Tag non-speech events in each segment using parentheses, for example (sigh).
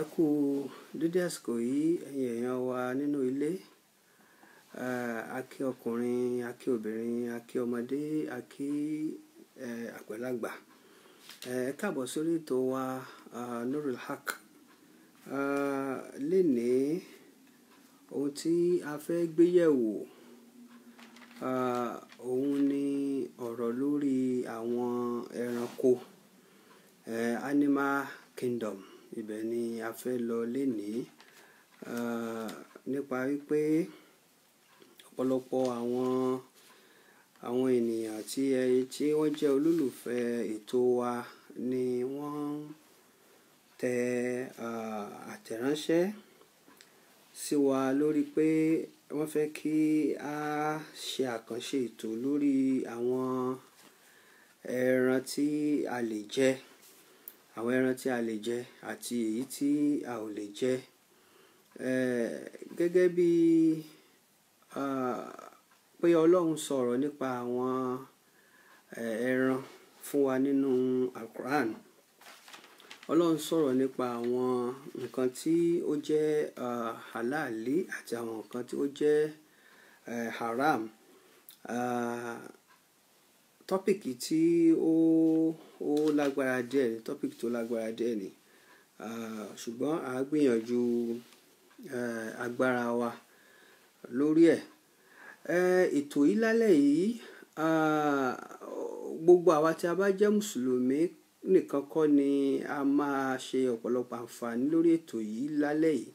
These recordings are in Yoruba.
ẹ kú dédé àsìkò yìí ẹ̀yin èèyàn wa nínú ilé akí ọkùnrin akí obìnrin akí ọmọdé akí àgbàlagbà ẹ káàbọ̀ sórí ètò wa Nurul Haq lénìí ohun tí a fẹ́ gbé yẹ̀wò òun ni ọ̀rọ̀ lórí àwọn ẹranko animal kingdom ibẹ̀ ni a fẹ́ lọ lénìí nípa wípé ọ̀pọ̀lọpọ̀ àwọn àwọn ènìyàn tí ẹyẹ tí wọ́n jẹ́ olólùfẹ́ ètò wa ni wọ́n tẹ àtẹ̀ránṣẹ́ sí wa lórí pé wọ́n fẹ́ kí a ṣe àkànṣe ètò lórí àwọn ẹran tí a lè jẹ àwọn ẹran tí a lè jẹ àti èyí tí a ò lè jẹ gẹ́gẹ́ bí pé Ọlọ́run sọ̀rọ̀ nípa àwọn ẹran fún wa nínú Al-Quran Ọlọ́run sọ̀rọ̀ nípa àwọn nǹkan tí ó jẹ́ halali àti àwọn nǹkan tí ó jẹ́ haram. Uh, tọ́pìkì tí ó ó lágbára díẹ̀ ni tọ́pìkì tó lágbára díẹ̀ ni ṣùgbọ́n à á gbìyànjú agbára wa lórí ẹ̀ ètò yìí lálẹ́ yìí gbogbo àwa tí a bá jẹ́ mùsùlùmí nìkan kọ́ ni a máa ṣe ọ̀pọ̀lọpọ̀ àǹfààní lórí ètò yìí lálẹ́ yìí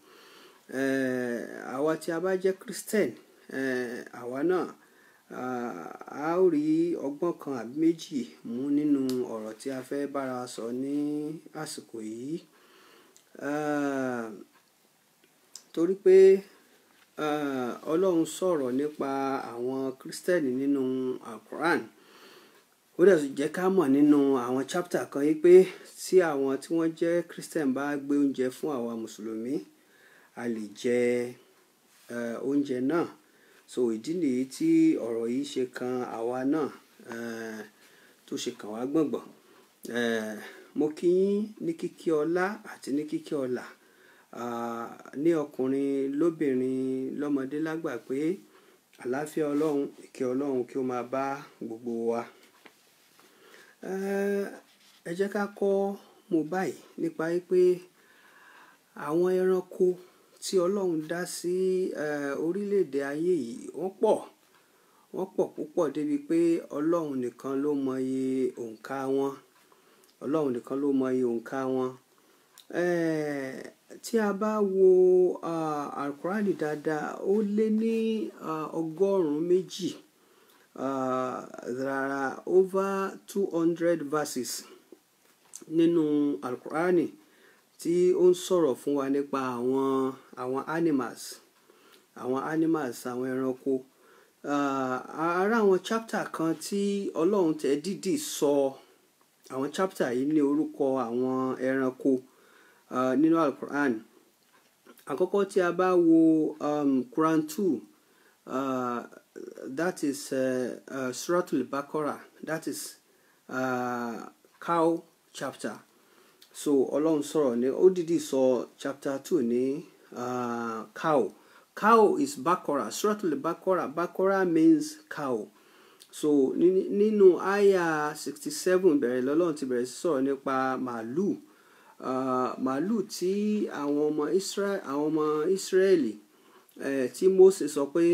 àwa tí a bá jẹ́ christian àwa náà a ó rí ọgbọ́n kan àbí méjì mú nínú ọ̀rọ̀ tí a fẹ́ bára sọ ní àsìkò yìí torí pé ọlọ́run sọ̀rọ̀ nípa àwọn kírísítẹ́nì nínú alquran ó dẹ̀ jẹ́ ká mọ̀ nínú àwọn chapter kan yìí pé tí àwọn tí wọ́n jẹ́ kírísítẹ́nì bá gbé oúnjẹ fún àwa mùsùlùmí a lè jẹ oúnjẹ náà so ìdí nìyí tí ọ̀rọ̀ yìí ṣe kan àwa náà eh, tó ṣe kàn wá gbọ̀ngbọ̀n eh, mo kí yín ní kíkí ọlá àti ní kíkí ọlà ní ọkùnrin lóbìnrin lọ́mọdé lágbà pé àlàáfíà ọlọ́run ìkẹ́ ọlọ́run kí ó máa bá gbogbo wa. Eh, ẹ jẹ́ ká kọ́ mo báyìí nípa pé àwọn ẹranko tí ọlọ́run dá sí orílẹ̀-èdè ayé yìí wọ́n pọ̀ wọ́n pọ̀ púpọ̀ débi pé ọlọ́run nìkan ló mọ iye òǹkà wọn ọlọ́run nìkan ló mọ iye òǹkà wọn tí a bá wo alukurani dáadáa ó lé ní ọgọ́rùn-ún méjì rárá over two hundred verses nínú alukurani tí ó ń sọ̀rọ̀ fún wa nípa àwọn àwọn animals àwọn animals àwọn ẹranko ara àwọn chapter kan tí ọlọ́run tẹ̀ dídì sọ àwọn chapter yìí ní orúkọ àwọn ẹranko uh, nínú alukur'an àkọ́kọ́ tí a bá wo um, quran two uh, that is uh, suratul bakora that is uh, cow chapter so ọlọ́run sọ̀rọ̀ ní ó dìdí sọ chapter two ní cow cow is bakora suratul bakora bakora means cow so nínú àyà sixty seven bẹ̀rẹ̀ lọ́lọ́run ti bẹ̀rẹ̀ sí sọ̀rọ̀ nípa màálù uh, màálù tí àwọn ọmọ Israel àwọn ọmọ Israẹli eh, tí Mósè sọ pé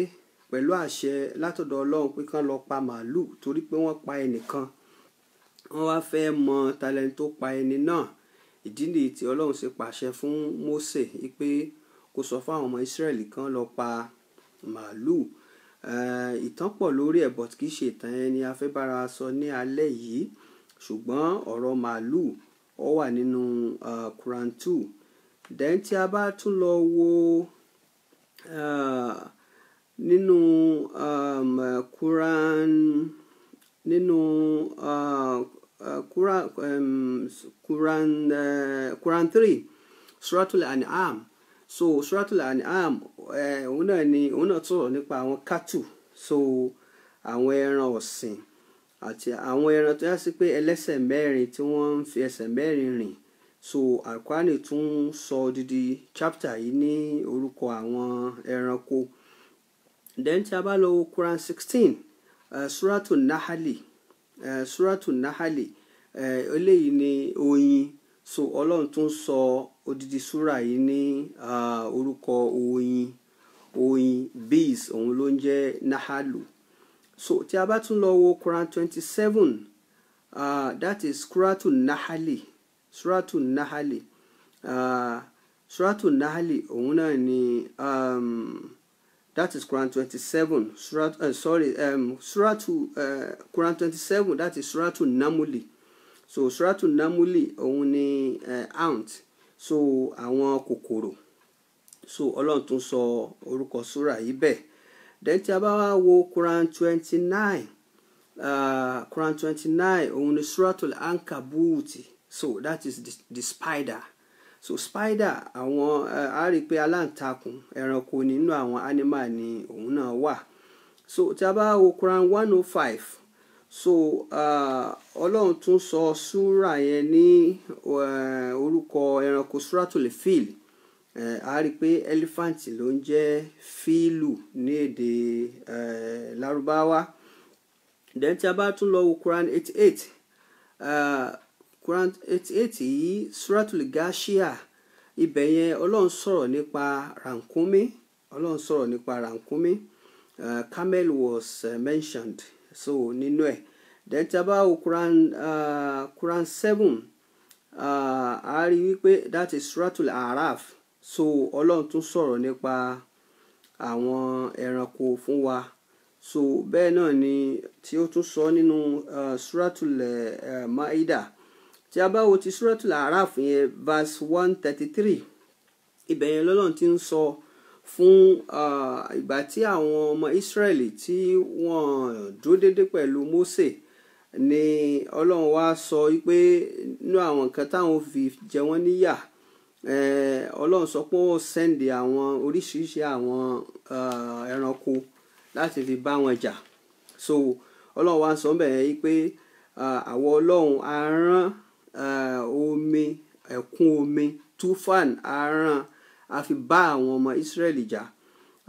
pẹ̀lú àṣẹ látọ̀dọ̀ ọlọ́run pé kán lọ pa màálù torí pé wọ́n pa ẹnìkan wọ́n wá fẹ́ mọ talẹ́ni tó pa ẹni náà ìdí nìyí tí ọlọ́run ṣe pàṣẹ fún Mósè pé kó sọ fáwọn ọmọ Ísírẹ́lì kan lọ pa màálù eh, ìtàn pọ̀ lórí ẹ̀ but kì í ṣe ìtàn ẹni afẹ́bára sọ ní alẹ́ yìí ṣùgbọ́n ọ̀rọ̀ màálù ó wà nínú eh, Quran two then tí a bá tún lọ wo uh, nínú um, Quran nínú uh, uh, Quran, um, Quran, eh, Suratul An'am. So Suratul An'am, eh, òun náà ni òun náà sọ̀rọ̀ nípa àwọn kátù, so àwọn ẹran ọ̀sìn àti àwọn ẹran tó yá sí pé ẹlẹ́sẹ̀ mẹ́rin tí wọ́n ń fi ẹsẹ̀ mẹ́rin rìn. So Al-Qur'ani tún sọ odidi chapter yìí ní orúkọ àwọn ẹranko. Then tí a bá lọ Quran 16, uh, eh, Suratul Nahali. suratu nahali eléyìí ni oyin so ọlọ́run tún sọ odidi sura yìí ní orúkọ oyin oyin bees òun ló ń jẹ́ nahalu so tí a bá tún lọ wo Quran twenty seven that is suratu nahali suratu nahali uh, suratu nahali òun náà ni um, that is Quran 27 surah uh, sorry um, surah eh, to uh, Quran 27 that is surah to namuli so surah to namuli òun ni uh, eh, ant so àwọn kòkòrò so ọlọ́run tún sọ orúkọ surah yìí bẹ́ẹ̀ then tí a bá wá wo Quran 29 uh, ah, Quran 29 òun ni surah ankabuti so that is the, the spider so spider àwọn a rí i pé aláǹtakùn ẹranko nínú àwọn animal ni òun náà wà so tí a bá wo Quran one oh five so ọlọ́run uh, tún sọ súrà yẹn ní uh, orúkọ ẹranko súràtòlè fíìlì uh, a rí i pé elephant ló ń jẹ́ fíìlù ní èdè uh, lárúbáwá then tí a bá tún lọ wo Quran eight eight Quran 88, eight yìí suratul Ghashia ibẹ̀ yẹn ọlọ́run sọ̀rọ̀ nípa rànkúnmí ọlọ́run sọ̀rọ̀ nípa rànkúnmí uh, camel was uh, mentioned so nínú ẹ̀ then tí a bá wo Quran uh, Quran seven uh, a rí wípé that is suratul Araf so ọlọ́run tún sọ̀rọ̀ nípa àwọn ẹranko fún wa so bẹ́ẹ̀ náà ni tí ó tún sọ nínú uh, suratul uh, tí a bá wo ti suratul araf yẹn verse one thirty three ibẹ̀ yẹn lọ́lọ́run ti ń sọ fún ìgbà tí àwọn ọmọ Ísírẹ́lì tí wọ́n dúró dédé pẹ̀lú Mósè ni ọlọ́run wá sọ pé inú àwọn nǹkan táwọn fi jẹ wọ́n níyà ọlọ́run sọ pé wọ́n sẹ́ndì àwọn oríṣiríṣi àwọn ẹranko láti fi bá wọn jà so ọlọ́run wá sọ bẹ́ẹ̀ yìí pé àwọn ọlọ́run á rán Eh, omi ẹ̀kún omi tufan aran a fi bá àwọn ọmọ Israẹli jà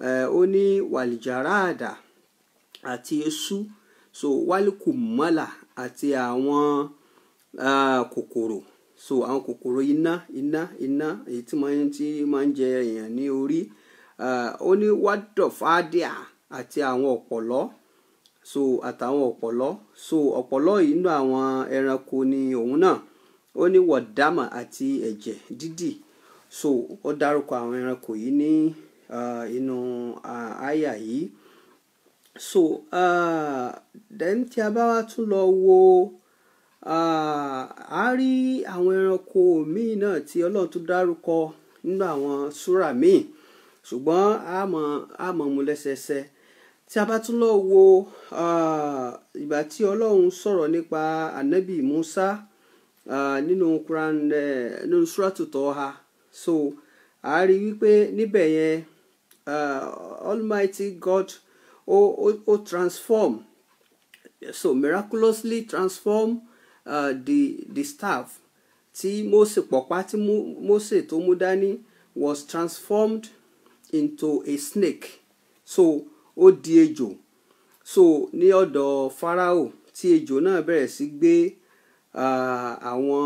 eh, ó ní wàlìjàràdà àti eṣú so wálìkùmọ́là àti àwọn eh, kòkòrò so àwọn kòkòrò iná iná iná èyí tí máa ń tí máa ń jẹ èèyàn ní orí ó ní wádọ̀fádìà àti àwọn ọ̀pọ̀lọ́ so àtàwọn ọ̀pọ̀lọ́ so ọ̀pọ̀lọ́ yìí nínú àwọn ẹranko ni òun náà ó ní wọ̀dámà àti ẹ̀jẹ̀ dídì so ó dárúkọ àwọn ẹranko yìí ní inú àyà yìí so then tí a bá wá tún lọ wo a rí àwọn ẹranko míì náà tí ọlọ́run tún dárúkọ nínú àwọn súrà míì ṣùgbọ́n a mọ̀ mú lẹ́sẹẹsẹ tí a bá tún lọ wo ìgbà tí ọlọ́run sọ̀rọ̀ nípa ànábì Musa uh, nínú Quran uh, nínú suratu Toha so a rí wípé níbẹ̀ yẹn uh, Almighty God ó ó transform so miraculously transform uh, the the staff tí Mósè pọ̀pá tí Mósè tó mú dání was transformed into a snake so ó di ejò so ní ọ̀dọ̀ Pharaoh, tí ejò náà bẹ̀rẹ̀ sí gbé àwọn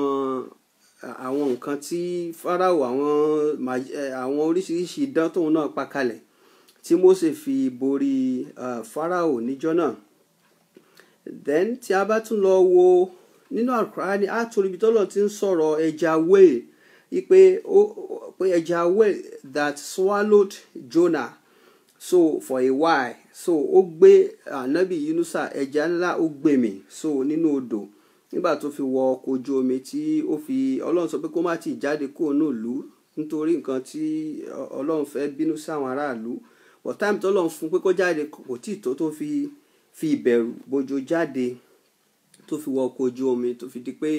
àwọn nǹkan tí Fáráò àwọn àwọn oríṣiríṣi idán tóun náà pa kalẹ̀ tí Mósè fi borí Fáráò níjọ́ náà then tí a bá tún lọ wo nínú Al-Qur'ani á torí ibi tọ́lọ̀ ti ń sọ̀rọ̀ ẹja whale wípé ẹja whale that swallowed Jonah so for a while so ó gbé ànábì Yunusa ẹja ńlá ó gbèmí so nínú odò. No nígbà tó fi wọ ọkọ̀ ojú omi tí ó fi ọlọ́run sọ pé kó má ti jáde kúrò ní ìlú nítorí nǹkan tí ọlọ́run fẹ́ bínú sáwọn aráàlú but time tó lọ́run fún pé kó jáde kò tí tó tó fi fi ìbẹ̀rù bojo jáde tó fi wọ ọkọ̀ ojú omi tó fi di pé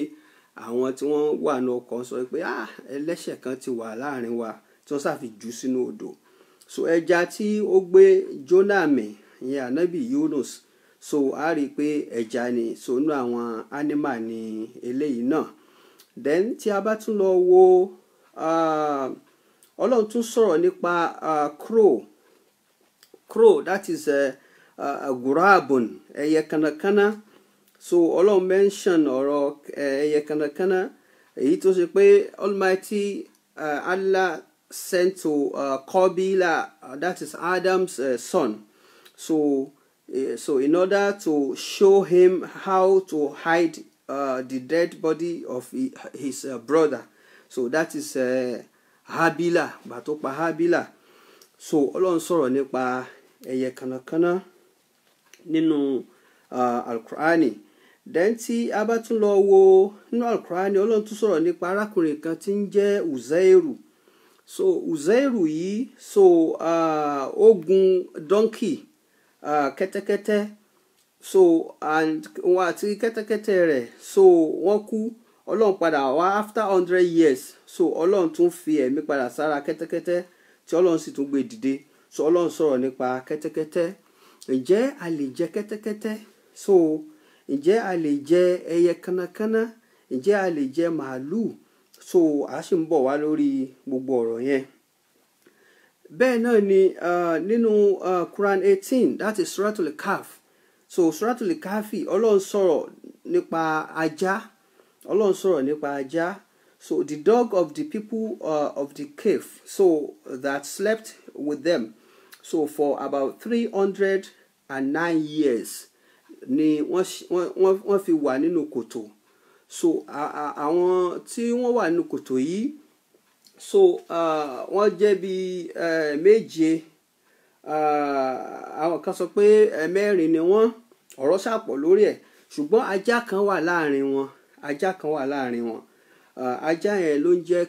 àwọn tí wọ́n wà ní ọkọ̀ sọ pé ah ẹlẹ́ṣẹ̀ kan ti wà láàrin wa tí wọ́n sàfi jù sínú odò so ẹja tí ó gbé Jónà mì ìyẹn ànábì Yunus so a rí i pé ẹja ni so inú àwọn animal ni eléyìí náà then tí a bá tún lọ wo ọlọ́run tún sọ̀rọ̀ nípa crow crow that is gurabun ẹyẹ kanakana so ọlọ́run mention ọ̀rọ̀ ẹyẹ kanakana èyí tó ṣe pé almighty uh, Allah sent to uh, Qabila uh, that is Adam's uh, son so. Uh, so in order to show him how to hide uh, the dead body of his uh, brother so that is uh, habila bàtó pa habila so ọlọ́run sọ̀rọ̀ nípa ẹyẹ kànnàkànnà nínú uh, alukurani then tí a bá tún lọ wo nínú alukurani ọlọ́run tún sọ̀rọ̀ nípa arákùnrin kan tí ń jẹ́ uzairu so uzairu yìí so uh, donkey kẹtẹkẹtẹ so and wọn àti kẹtẹkẹtẹ rẹ so wọ́n kú ọlọ́run padà wá after hundred years so ọlọ́run tún fi ẹ̀mí padà sára kẹ́tẹ́kẹ́tẹ́ tí ọlọ́run sì tún gbé dìde so ọlọ́run sọ̀rọ̀ nípa kẹtẹkẹtẹ ǹjẹ́ a lè jẹ kẹtẹkẹtẹ so ǹjẹ́ a lè jẹ ẹyẹ kanakana a lè jẹ so a sì lórí gbogbo yẹn bẹ́ẹ̀ náà ni ah, nínú ah, Quran eighteen that is suratul kaf so suratul kafi ọlọ́run sọ̀rọ̀ nípa ajá ọlọ́run sọ̀rọ̀ nípa ajá so the dog of the people uh, of the cave so that slept with them so for about three hundred and nine years ni wọ́n fi wà nínú kòtò so àwọn tí wọ́n wà nínú kòtò yìí so uh, wọ́n jẹ́ bí méje àwọn kan sọ pé mẹ́rin ni wọ́n ọ̀rọ̀ ṣàpọ̀ lórí ẹ̀ ṣùgbọ́n ajá kan wà láàrin wọn ajá kan wà láàrin wọn ajá yẹn ló ń jẹ́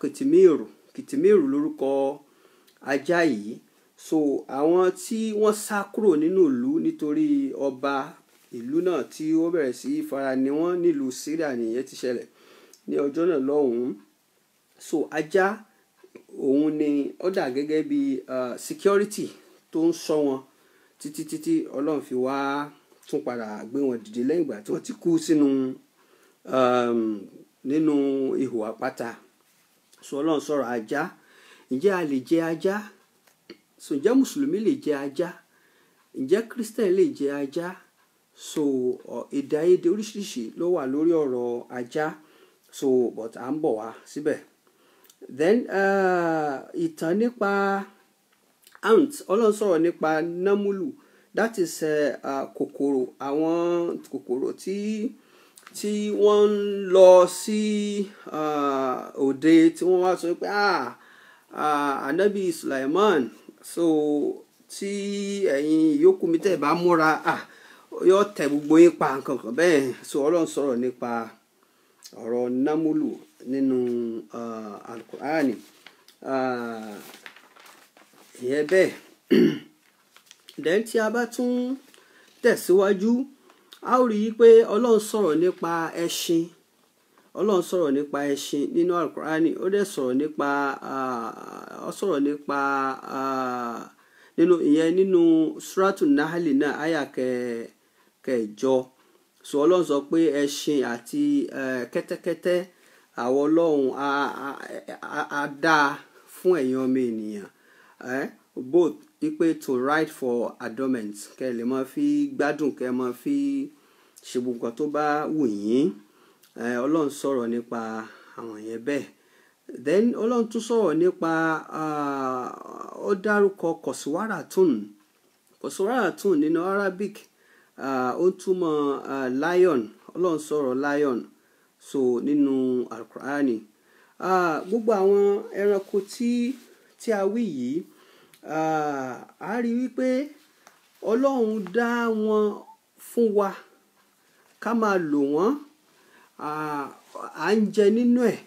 kìtìmíìrù kìtìmíìrù lórúkọ ajá yìí so àwọn tí wọ́n sá kúrò nínú ìlú nítorí ọba ìlú náà tí ó bẹ̀rẹ̀ sí fara ni wọ́n nílùú Syria nìyẹn ti ṣẹlẹ̀ ní ọjọ́ náà lọ́hùn-ún so ajá òun ni ó dà gẹ́gẹ́ bí uh, security tó ń ṣọ́ wọn títí títí ọlọ́run fi wá tún padà gbé wọn dìde lẹ́yìn ìgbà tí wọ́n ti kú sínú nínú ihò àpáta so ọlọ́run sọ̀rọ̀ ajá ǹjẹ́ a lè jẹ ajá so ǹjẹ́ mùsùlùmí lè jẹ ajá ǹjẹ́ christian lè jẹ ajá so èdè àìyedè oríṣiríṣi ló wà lórí ọ̀rọ̀ ajá so but à ń bọ̀ wá síbẹ̀. Si then uh, ìtàn uh, nípa ant ọlọ́run sọ̀rọ̀ nípa námúlù that is uh, uh, kòkòrò àwọn kòkòrò tí tí wọ́n ń lọ sí òde tí wọ́n wá sọ pé ah anabi Sulaiman so tí ẹ̀yin ìyókù mi tẹ̀ bá múra ah yóò tẹ gbogbo yín pa nǹkan kan bẹ́ẹ̀ so ọlọ́run sọ̀rọ̀ nípa ọ̀rọ̀ námúlù nínú ah, alukur'ani ah, ìyẹn bẹ́ẹ̀ (clears throat) then tí a bá tún tẹ̀síwájú a ó rí i pé ọlọ́run sọ̀rọ̀ nípa ẹṣin ọlọ́run sọ̀rọ̀ nípa ẹṣin nínú alukur'ani ó dẹ̀ sọ̀rọ̀ nípa ah, ó sọ̀rọ̀ nípa nínú ìyẹn nínú suratu nahali náà àyà kẹjọ sọ ọlọ́run sọ pé ẹṣin àti eh, kẹ́tẹ́kẹ́tẹ́ àwọn ọlọ́run á dáa fún ẹ̀yin ọmọ ènìyàn both ipe to write for adornment kẹ́ ẹ lè máa fi gbádùn kẹ́ ẹ máa fi ṣe gbogbo nǹkan tó bá wù yín ọlọ́run sọ̀rọ̀ nípa àwọn yẹn bẹ́ẹ̀ then ọlọ́run tún sọ̀rọ̀ nípa ó dárúkọ kọ̀síwáràtún kọ̀síwáràtún nínú Arabic ó ń túmọ̀ lion ọlọ́run sọ̀rọ̀ lion so nínú alukur'ani gbogbo àwọn ẹranko tí tí a wí yìí a rí wípé ọlọ́run dá wọn fún wa ká máa lò wọ́n à ń jẹ nínú ẹ̀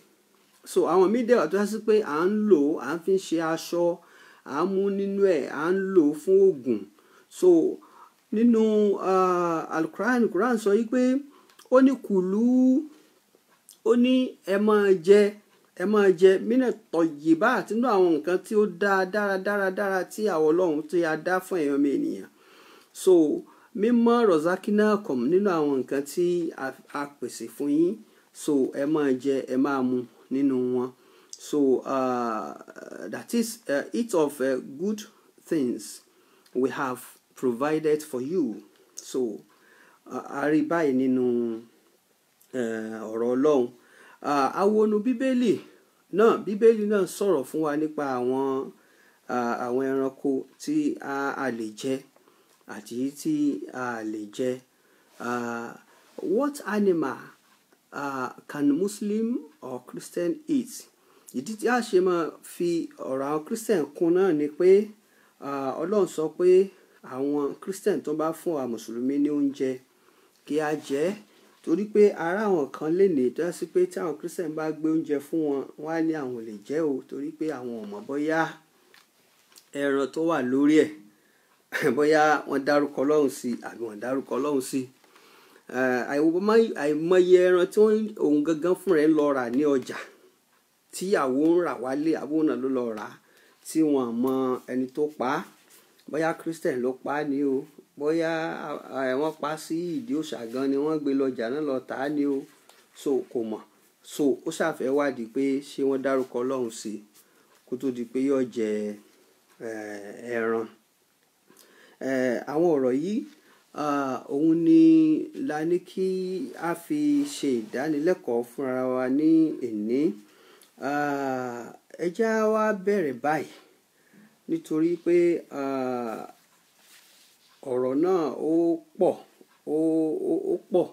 so àwọn míì dẹ̀wà tó yá sí pé à ń lò ó à ń fi ṣe aṣọ à ń mú nínú ẹ̀ à ń lò ó fún oògùn so nínú alukur'an alukur'an sọ yìí pé ó ní kùlú ó ní ẹ máa jẹ ẹ máa jẹ mínà tọ̀yì bá àtinú àwọn nǹkan tí ó dá dáradára tí àwọn ọlọ́run tí a dá fún èèyàn mi ènìyàn so mímọ́ rọ̀zákínà nínú àwọn nǹkan tí a pèsè fún yín so ẹ máa jẹ ẹ máa mu nínú wọn so uh, that is uh, eh, each of uh, good things we have provided for you so uh, a rí báyìí nínú. No, Eh, ọ̀rọ̀ ọlọ́run awonu bíbélì náà bíbélì náà sọ̀rọ̀ fún wa nípa àwọn àwọn ẹranko tí a lè jẹ àti tí a lè jẹ what animal uh, can Muslim or Christian eat ìdí tí a ṣe máa fi ọ̀rọ̀ àwọn Christian kún náà ni pé ọlọ́run sọ pé àwọn Christian tó bá fún wa mùsùlùmí ní oúnjẹ kí a jẹ torí pé ara àwọn kan lè ní tó sí pé tí àwọn christian bá gbé oúnjẹ fún wọn wọn á ní àwọn ò lè jẹ́ o torí pé àwọn ò mọ̀ bóyá ẹran tó wà lórí ẹ̀ (laughs) bóyá wọ́n dárúkọ ọlọ́run sí àbí wọ́n dárúkọ ọlọ́run sí eh, àìmọye ẹran tí wọ́n òun gangan fún rẹ̀ ń lọ rà ní ọjà tí àwọn ń rà wálé àwọn ló lọ rà tí wọ́n mọ ẹni tó pa á bóyá christian ló pa á ní o bóyá wọ́n pa sí ìdí òòṣà gan ni wọ́n gbé lọ́jà náà lọ tà á ní o so kò mọ̀ so ó ṣàfẹ́ wádìí pé ṣé wọ́n dárúkọ ọlọ́run sí i kó tó di pé yóò jẹ ẹran àwọn ọ̀rọ̀ yìí òun ni la ní kí a fi ṣe ìdánilẹ́kọ̀ọ́ fúnra wa ní èní ẹ wa bẹ̀rẹ̀ báyìí nítorí pé. Uh, ọ̀rọ̀ náà ó pọ̀ ó ó pọ̀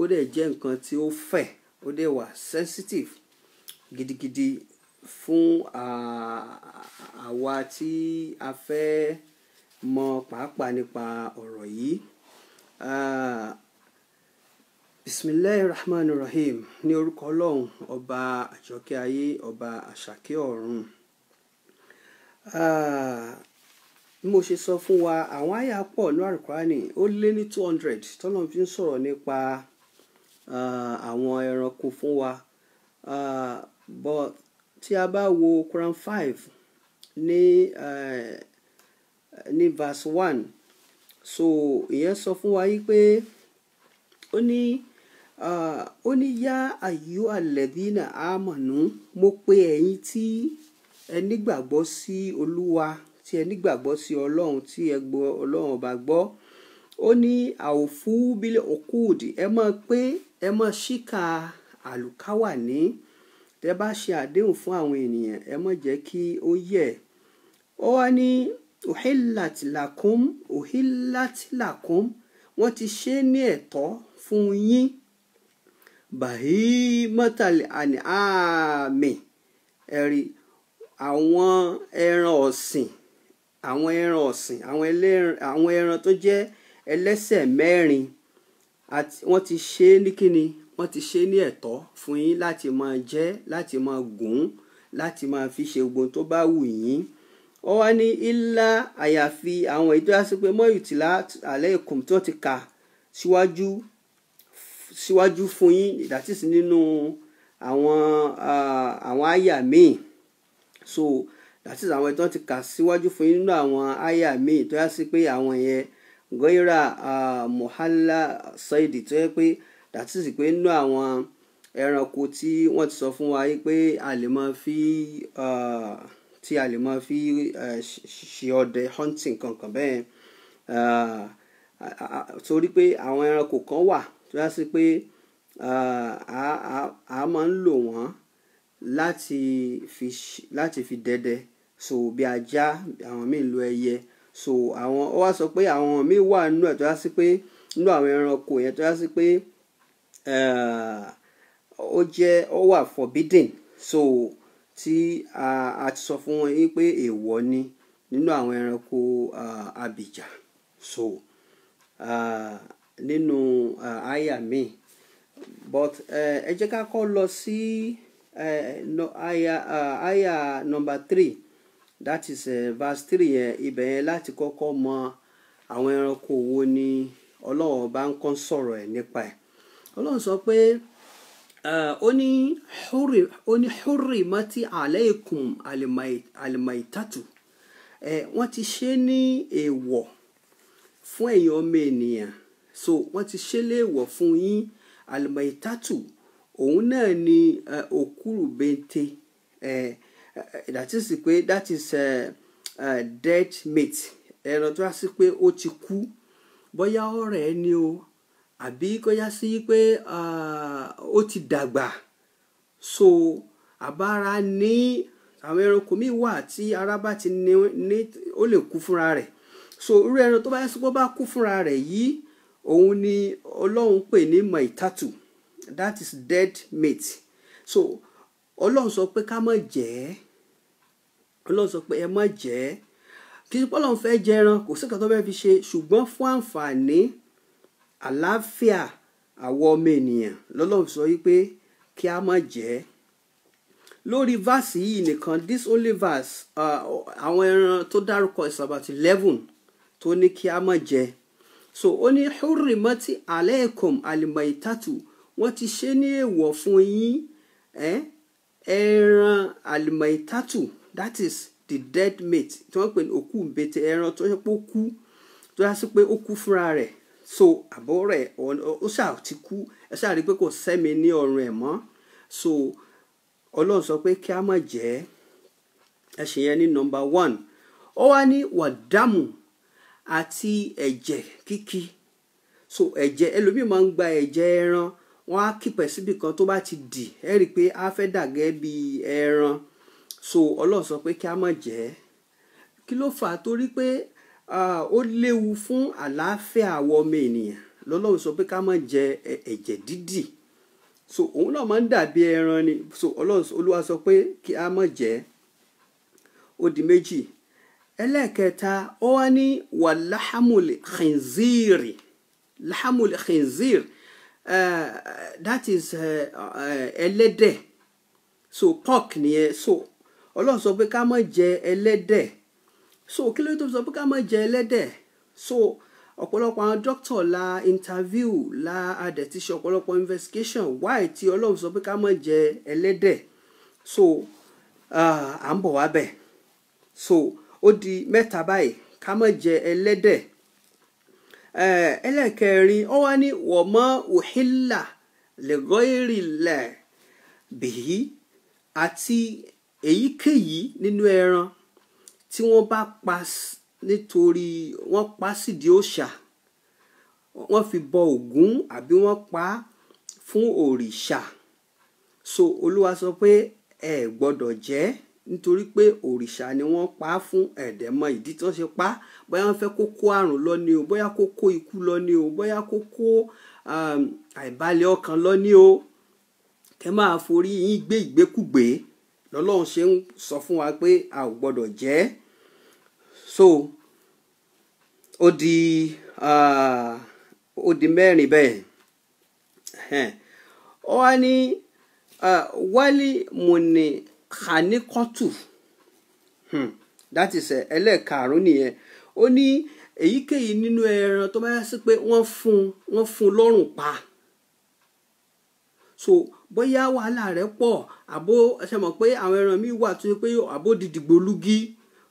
ó dẹ̀ jẹ́ nǹkan tí ó fẹ̀ ó dẹ̀ wà sensitive gidigidi fún àwa tí a fẹ́ mọ pàápàá nípa ọ̀rọ̀ yìí. bisimilahi rahman rahim ní orúkọ ọlọ́run ọba àjọkẹ́ ayé ọba àṣàkẹ́ ọ̀run bí mo ṣe sọ fún wa àwọn àyà pọ̀ ní àlùkùránì ó lé ní two hundred tọ́lọ́n fi ń sọ̀rọ̀ nípa àwọn ẹranko fún wa but tí a bá wo Quran five ní ní verse one so ìyẹn sọ fún wa yìí pé ó ní ó ní yá àyú àlẹ́dínà àmọ̀nú mo pe ẹ̀yin tí ẹ nígbàgbọ́ sí Olúwa tí ẹ nígbàgbọ́ sí ọlọ́run tí ẹ gbọ́ ọlọ́run ọba gbọ́ ó ní àwòfú bílẹ̀ òkúùdì ẹ mọ̀ pé ẹ mọ̀ síkà àlùkáwà ní tẹ bá ṣe àdéhùn fún àwọn ènìyàn ẹ mọ̀ jẹ́ kí ó yẹ ó wá ní òhìlàtìlàkùn òhìlàtìlàkùn wọ́n ti ṣe é ní ẹ̀tọ́ fún yín bàhímọ́tàlì àní àmì ẹ̀rí àwọn ẹran ọ̀sìn àwọn ẹran ọ̀sìn àwọn ẹran tó jẹ́ ẹlẹ́sẹ̀ mẹ́rin wọ́n ti ṣe é ní kíni wọ́n ti ṣe é ní ẹ̀tọ́ fún yín láti máa jẹ láti máa gùn láti máa fi ṣe gbogbo tó bá wù yín ó wá ní ilá àyàfi àwọn èyí tó yá sí àlẹ́ ìkùn tó ti kà síwájú síwájú fún yín ìdásí nínú àwọn ah, àwọn àyà míì so àti àwọn ẹ̀tọ́ ti kà síwájú fún yín nínú àwọn àyà míì tó yá sí pé àwọn yẹn gọ́ìrà mohalla saidi tó yẹ pé dàtí sì pé nínú àwọn ẹranko tí wọ́n ti sọ fún wa yìí pé a lè máa fi tí a lè máa fi ṣe ọdẹ hunting kankan bẹ́ẹ̀ torí pé àwọn ẹranko kan wà tó yá sí pé a máa ń lò wọ́n láti fi láti fi dẹdẹ so bí ajá àwọn míì lo ẹyẹ so àwọn ó wá sọ pé àwọn míì wà nínú ẹ̀ tó yá sí pé nínú àwọn ẹranko yẹn tó yá sí pé eh, ó jẹ́ ó wà forbidden so tí a ti sọ fún wọn yín pé èèwọ̀ ni nínú àwọn ẹranko eh, abìjà so eh, nínú àyà mi but ẹ jẹ́ ká kọ́ lọ sí. Si, uh, no, ayah, ah, uh, aya number three that is uh, verse three yẹn ibẹ̀ yẹn láti kọ́kọ́ mọ àwọn ẹranko wo ni ọlọ́run bá ń kàn sọ̀rọ̀ ẹ̀ nípa ẹ̀ ọlọ́run sọ pé eh, ó ní hurrimati alaykum alimaitatu wọ́n ti ṣe ní èèwọ̀ fún ẹ̀yin ọmọ ènìyàn so wọ́n ti ṣe léèwọ̀ fún yín alimaitatu òun náà ni òkúrù bente that is pé that is dead meat ẹran tó wá sí pé ó ti kú bóyá ọ̀rẹ́ ni o àbí kọjá sí pé ó ti dàgbà so àbára ní àwọn ẹranko míì wà tí ara bá ti ní ó lè kú fúnra rẹ̀ so irú ẹran tó bá yẹ sí pé ó bá kú fúnra rẹ̀ yìí òun ni ọlọ́run pè ní maitatu that is dead meat so ọlọ́run sọ pé ká má jẹ ẹ́ ọlọ́run sọ pé ẹ má jẹ ẹ́ kì í pọ́lọ́n fẹ́ jẹran kò sí kan tó fẹ́ fi ṣe ṣùgbọ́n fún àǹfààní àlàáfíà àwọ ọmọ ènìyàn lọ́lọ́run sọ wípé kí a má jẹ lórí verse yìí nìkan this only verse uh, àwọn ẹran tó dárúkọ is about eleven tó ní kí a má jẹ so ó ní hurrimati aleikum alimaitatu wọ́n ti ṣe ní èèwọ̀ fún yín ẹran alimaitatu that is the dead mate tí wọ́n pè ní òkú ìbètè ẹran tó yẹ pé ó kú tó yá sí pé ó kú fúnra rẹ̀ so àbọ̀ rẹ̀ ó ṣáà ti kú ẹ ṣáà rí i pé kò sẹ́mi ní ọrùn ẹ̀ mọ́ so ọlọ́run sọ pé kí a má jẹ́ ẹ̀ṣẹ̀ yẹn ní nọmba one ó wá ní wàdàmù àti ẹ̀jẹ̀ kíkí so ẹ̀jẹ̀ ẹlòmíì máa ń gba ẹ̀jẹ̀ ẹran wọ́n á kìpẹ̀ síbì kan tó bá ti dì ẹ́ rí i pé á fẹ́ dàgẹ́ bí ẹran so ọlọ́run sọ pé kí á mọ̀ jẹ́ kí ló fà á torí pé ó léwu fún àlàáfíà àwọ ọmọ ènìyàn lọ́lọ́run sọ pé ká mọ̀ jẹ ẹ̀jẹ̀ dídì so òun náà máa ń dàbí ẹran ni so ọlọ́run olúwa sọ pé kí á mọ̀ jẹ́ ó di méjì ẹlẹ́ẹ̀kẹta ó wá ní wàláhàmùlẹ̀ khinziri láhàmùlẹ̀ khinziri Eh, that is eh, eh, ẹlẹ́dẹ̀ uh, uh, so pork nìyẹn so ọlọ́run sọ pé ká má jẹ ẹlẹ́dẹ̀ so kí ló tó sọ pé ká má jẹ ẹlẹ́dẹ̀ so ọ̀pọ̀lọpọ̀ àwọn doctor la interview la adẹ̀tíṣe ọ̀pọ̀lọpọ̀ investigation why ti ọlọ́run sọ pé ká má jẹ ẹlẹ́dẹ̀ so à ń bọ̀ wá bẹ̀ so ó di mẹ́ta báyìí ká má jẹ ẹlẹ́dẹ̀ ẹlẹ́kẹrin ó wá ní wọ̀mọ́ òhìlà lẹ́gọ́ ìrìnlẹ̀ bìí àti èyíkéyìí nínú ẹran tí wọ́n bá pa nítorí wọ́n pa sídìí òòṣà wọ́n fi bọ Ògún àbí wọ́n pa fún òrìṣà so olúwa sọ pé ẹ gbọ́dọ̀ jẹ nítorí pé òrìṣà ni wọ́n pa á fún ẹ̀dẹ̀mọ ìdí tí wọ́n ṣe pa á bóyá wọ́n fẹ́ kó kó àrùn lọ ni o bóyá kó kó ikú lọ ni o bóyá kó kó um, àìbalẹ̀ ọkàn lọ ni o kẹ máa forí yín gbé ìgbékúgbé lọ́lọ́run ṣe ń sọ fún wa pé a ò gbọ́dọ̀ jẹ́ so ó di uh, ó di mẹ́rin bẹ́ẹ̀ ó wá ní uh, wálé mùnì hanikọ́tù hmm. that is eh, ẹlẹ́ẹ̀karùn-ún nìyẹn ó ní èyíkéyìí nínú ẹran tó bá yá sí pé wọ́n fún wọ́n fún lọ́rùn pa so bóyá wàhálà rẹ̀ pọ̀ àbó ṣe mọ̀ pé àwọn ẹran míì wà tó yẹ pé àbó dìdìgbò lúgí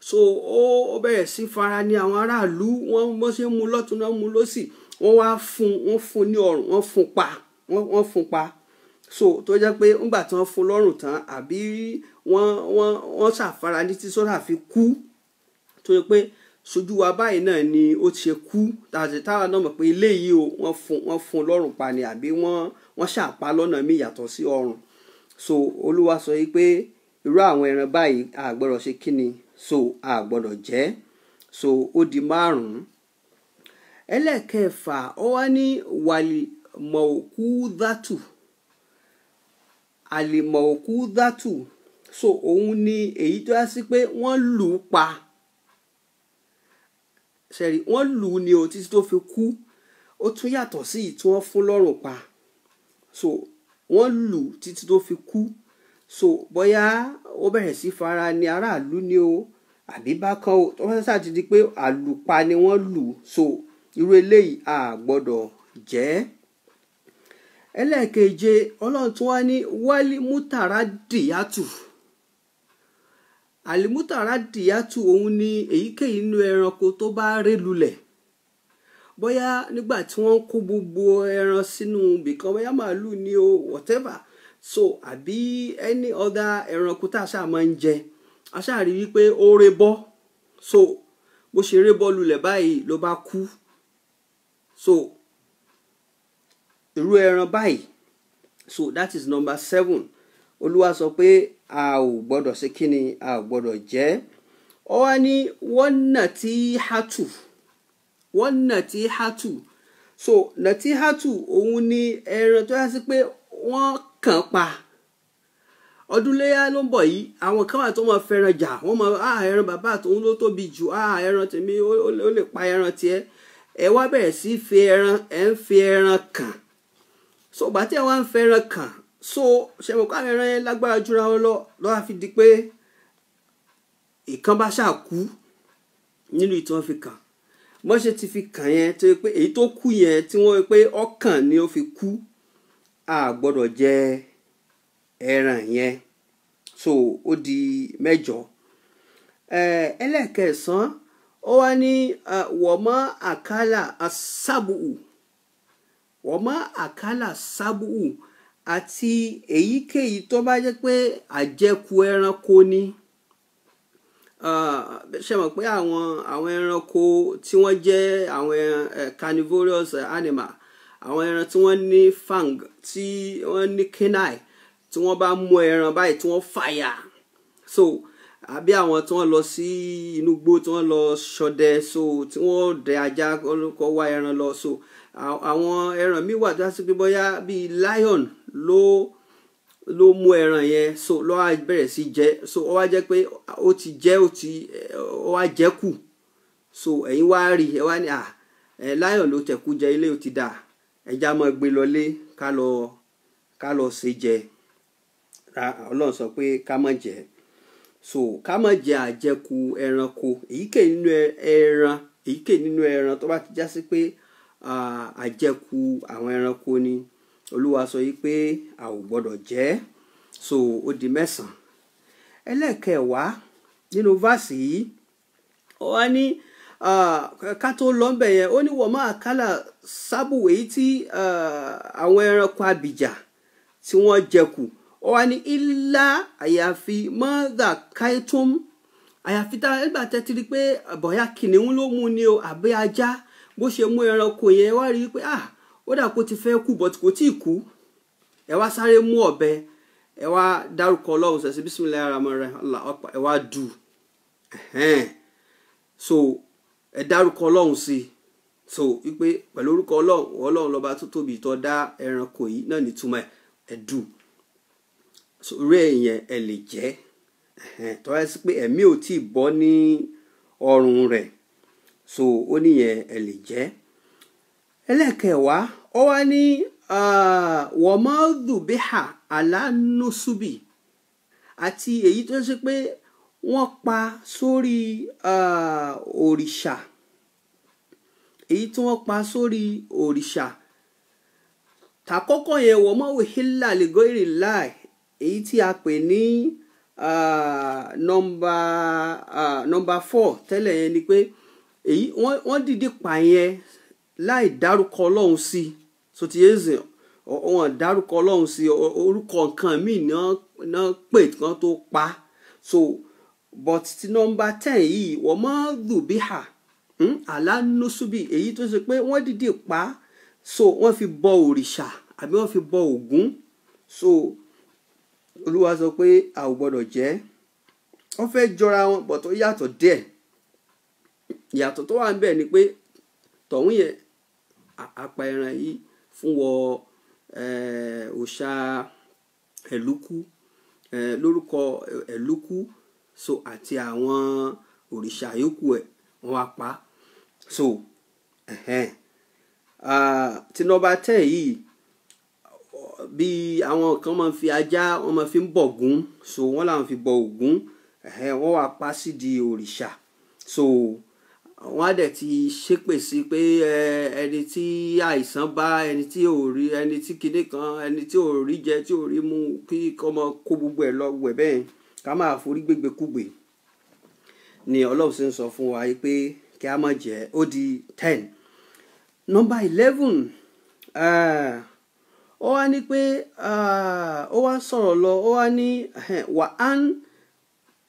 so ó ó bẹ̀rẹ̀ sí fara ní àwọn aráàlú wọ́n bó ṣe mú lọ́tún náà mú lọ́sì wọ́n wá fún wọ́n fún ní ọrùn wọ́n fún pa wọ́n fún pa so tó jẹ́ pé ńgbà tí wọ́n fún lọ́rùn tán àbí wọ́n wọ́n wọ́n ṣàfara ní tí sọ́ra fi kú tó yẹ pé sojú wa báyìí náà ni ó ti ṣe kú táwa náà mọ̀ pé eléyìí o wọ́n fún wọ́n fún lọ́rùn pa ni àbí wọ́n wọ́n ṣàpá lọ́nà míì yàtọ̀ sí ọrùn so olúwa sọ yìí pé irú àwọn ẹran báyìí a gbọ́dọ̀ ṣe kíni so a gbọ́dọ̀ jẹ so ó di márùn-ún ẹlẹ́ẹ̀kẹfà ó wá ní wàlì mọ̀ọ́kú dátù àlìmọ̀ọ́kú dátù so òun ni èyí tó yá sí pé wọ́n lù ú pa ṣẹ̀rí wọ́n lù ú ni o títí tó fi kú ó tún yàtọ̀ sí ìtú wọn fún lọ́rùn pa so wọ́n lù ú títí tó fi kú so bóyá ó bẹ̀rẹ̀ sí fara ni aráàlú ni o àbí bákan o tó fẹ́ sáà ti di pé àlùpa ni wọ́n lù ú so irú eléyìí a gbọ́dọ̀ jẹ́ ẹlẹ́ẹ̀keje ọlọ́run tó wá ní wálé mútàrá dìyàtù àlìmútàrá dìyàtù òun ni èyíkéyìí nínú ẹranko tó bá ré lulẹ̀ bóyá nígbà tí wọ́n kó gbogbo ẹran sínú ibìkan bóyá màálù ni o whatever so àbí any other ẹranko tá a ṣáà máa ń jẹ a ṣáà rí wípé ó ré bọ́ so bó ṣe ré bọ́ lulẹ̀ báyìí ló bá kú so irú ẹran báyìí so that is number seven olúwa sọ pé a ò gbọ́dọ̀ ṣe kíni a ò gbọ́dọ̀ jẹ́ ọ wá ní wọ́n nà tí hátù wọ́n nà tí hátù so nà tí hátù òun ni ẹran tó yá sí pé wọ́n kàn pa ọdúnléyà ló ń bọ̀ yìí àwọn kan wà tó máa fẹ́ràn jà wọ́n máa á ah, ẹran bàbá tòun ló tóbi jù á ah, ẹran tèmi ó lè pa ẹran tiẹ̀ ẹ wá bẹ̀rẹ̀ sí fi ẹran ẹ ń fi ẹran kàn so bàtí ẹ wá ń fẹ́ràn kàn so ṣẹ̀mọ̀ káwọn ẹran yẹn lágbára jura wọn lọ lọ́wọ́ fi di pé ìkan bá ṣàkú nínú ìtàn fi kàn wọ́n ṣe ti fi kàn yẹn tó yẹ pé èyí tó kú yẹn tí wọ́n yẹ pé ọkàn ni ó fi kú a gbọ́dọ̀ jẹ ẹran yẹn so ó di mẹ́jọ ẹlẹ́kẹsàn-án ó wá ní wọ̀mọ́ àkàlà asábùú wọ̀mọ́ àkàlà sábùú àti èyíkéyìí tó bá jẹ́ pé àjẹkù ẹranko ni ah, ṣe mọ̀ pé àwọn àwọn ẹranko tí wọ́n jẹ́ àwọn eh, carnivorous animal àwọn ẹran tí wọ́n ní fang tí wọ́n ní canine tí wọ́n bá mú ẹran báyìí tí wọ́n fàyà so àbí àwọn tí wọ́n lọ sí inú igbó tí wọ́n lọ ṣọdẹ so tí wọ́n dẹ ajá kó wá ẹran lọ so. Uh, àwọn ẹran mi wà tó yà sí pé bóyá bíi lion ló ló mú ẹran yẹn so ló wá bẹ̀rẹ̀ sí jẹ so ó wá jẹ́ pé ó ti jẹ́ ó ti ó wá jẹ́ kù so ẹ̀yin wá rí ẹ wá ní à ẹ lion ló tẹ̀kú jẹ ilé ó ti dà ẹja máa gbé lọlé ká lọ ká lọ ṣe jẹ ọlọ́run sọ pé ká má jẹ so ká má jẹ àjẹkù ẹranko èyíkéyìí nínú ẹran èyíkéyìí nínú ẹran tó bá ti já sí pé àjẹkù àwọn ẹranko ni olúwa sọ yìí pé a ò gbọ́dọ̀ jẹ so ó di mẹ́sàn-án ẹlẹ́ẹ̀kẹwàá nínú fásì yìí ó wá ní ká tó lọ bẹ̀ yẹn ó ní wọ́n máa kálà sábù èyí tí àwọn ẹranko abìjà tí wọ́n jẹkù ó wá ní ilá àyàfi mọ́dà káìtùm àyàfi tá nígbà tẹ́tí rí pé bóyá kìnìún ló mú ni o àbí ajá bó ṣe mú ẹranko yẹn wá rí i pé ah ó dà kó ti fẹ́ kú but kò tí ì kú ẹ wá sáré mú ọ̀bẹ ẹ wá dárúkọ ọlọ́run sẹ̀sẹ̀ bisimilayi aramara Allah ọ̀pá ẹ wá dù so ẹ dárúkọ ọlọ́run sí i so wípé pẹ̀lú orúkọ ọlọ́run ọlọ́run lọ́ba tó tóbi tó dá ẹranko yìí náà nítumọ̀ ẹ dù so orí èèyàn ẹ lè jẹ́ tọ́wá sí pé ẹ̀mí ò tí ì bọ́ ní ọrùn rẹ̀ so ó níyẹn ẹ lè jẹ́ ẹlẹ́kẹ̀wàá ó wá ní wọ́mọ́dùbíhà alánúsùbì àti èyí tó ṣe pé wọ́n pa sórí òrìṣà èyí tí wọ́n pa sórí òrìṣà tàkọ́kọ́ yẹn wọ́mọ́wé hílà lẹ́gọ́rì láì èyí tí a pè ní nọ́mbà nọ́mbà four tẹ́lẹ̀ yẹn ni pé. Uh, èyí wọ́n dìde pààyàn láì dárúkọ ọlọ́run sí sotiyezu wọn dárúkọ ọlọ́run sí orúkọ nǹkan míì náà pè kan tó pa so but ti nọmba ten yìí wọ́n mọ́ dùbíhà hmm, alánúsùbí èyí tó ṣe pé wọ́n dìde pa so wọ́n fi bọ òrìṣà àbí wọ́n fi bọ ògún so olúwa sọ pé a ò gbọ́dọ̀ jẹ wọ́n fẹ́ jọra wọn bọ̀ tó yàtọ̀ díẹ̀ ìyàtọ̀ tó wà ń bẹ̀ ni pé tọ̀hún yẹn apá ẹran yìí fún wọ òòṣà ẹ̀lúkú lórúkọ ẹ̀lúkú so àti àwọn òrìṣà yòókù ẹ̀ wọ́n wá pa so tí nọ́mbà ten yìí bí àwọn kan máa fi ajá wọ́n máa fi ń bọ̀gún so wọ́n làwọn fi bọ Ògún wọ́n wá pa sídìí òrìṣà so. Uh, wọ́n á dẹ̀ ti ṣépè sí pé ẹni tí àìsàn bá ẹni tí ò rí ẹni tí kinní kan ẹni tí ò rí jẹ tí ò rí mu kí ọmọ kó gbogbo ẹ̀ lọ wẹ̀ bẹ́ẹ̀ ká máa forí gbégbé kúgbè ni ọlọ́run sì ń sọ fún wa pé kí a má jẹ́ ó di ten nọ́mbà eleven ó wá ní pé ó wá sọ̀rọ̀ lọ ó wá ní wà á ń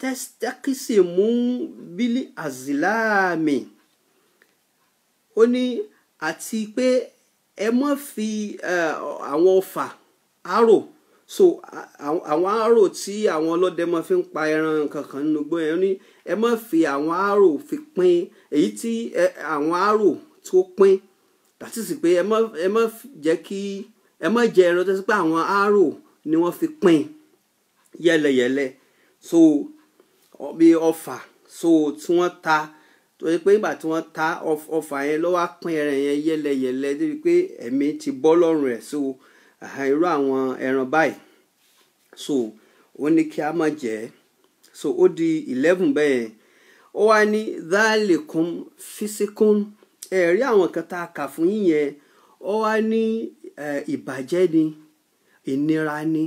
tẹ́sítẹ́kìsìmù bílí àzìláàmì ó ní àti pé ẹ mọ́ fi àwọn ọfà arò so àwọn arò tí àwọn ọlọ́dẹ máa fi ń pa ẹran kankan nínú gbọ́n ẹ ní ẹ má fi àwọn arò fi pín èyí tí àwọn arò tó pín dàtí sì pé ẹ má jẹ́ kí ẹ má jẹ ẹran tó sì pé àwọn arò ni wọ́n fi pín yẹlẹyẹlẹ so bí ọfà so tí wọ́n ta torí pé nígbà tí wọ́n ta ọfà yẹn lọ́wọ́ pín ẹran yẹn yẹ́lẹyẹ̀lẹ débi pé ẹ̀mí ti bọ́ lọ́rùn rẹ̀ so irú àwọn ẹran báyìí so ó ní kí a má jẹ so ó di eleven bẹ́ẹ̀ ó wá ní dáàlìkún físíkún ẹ̀rí àwọn kan tá a kà fún yín yẹn ó wá ní ìbàjẹ́ ni ìnira ni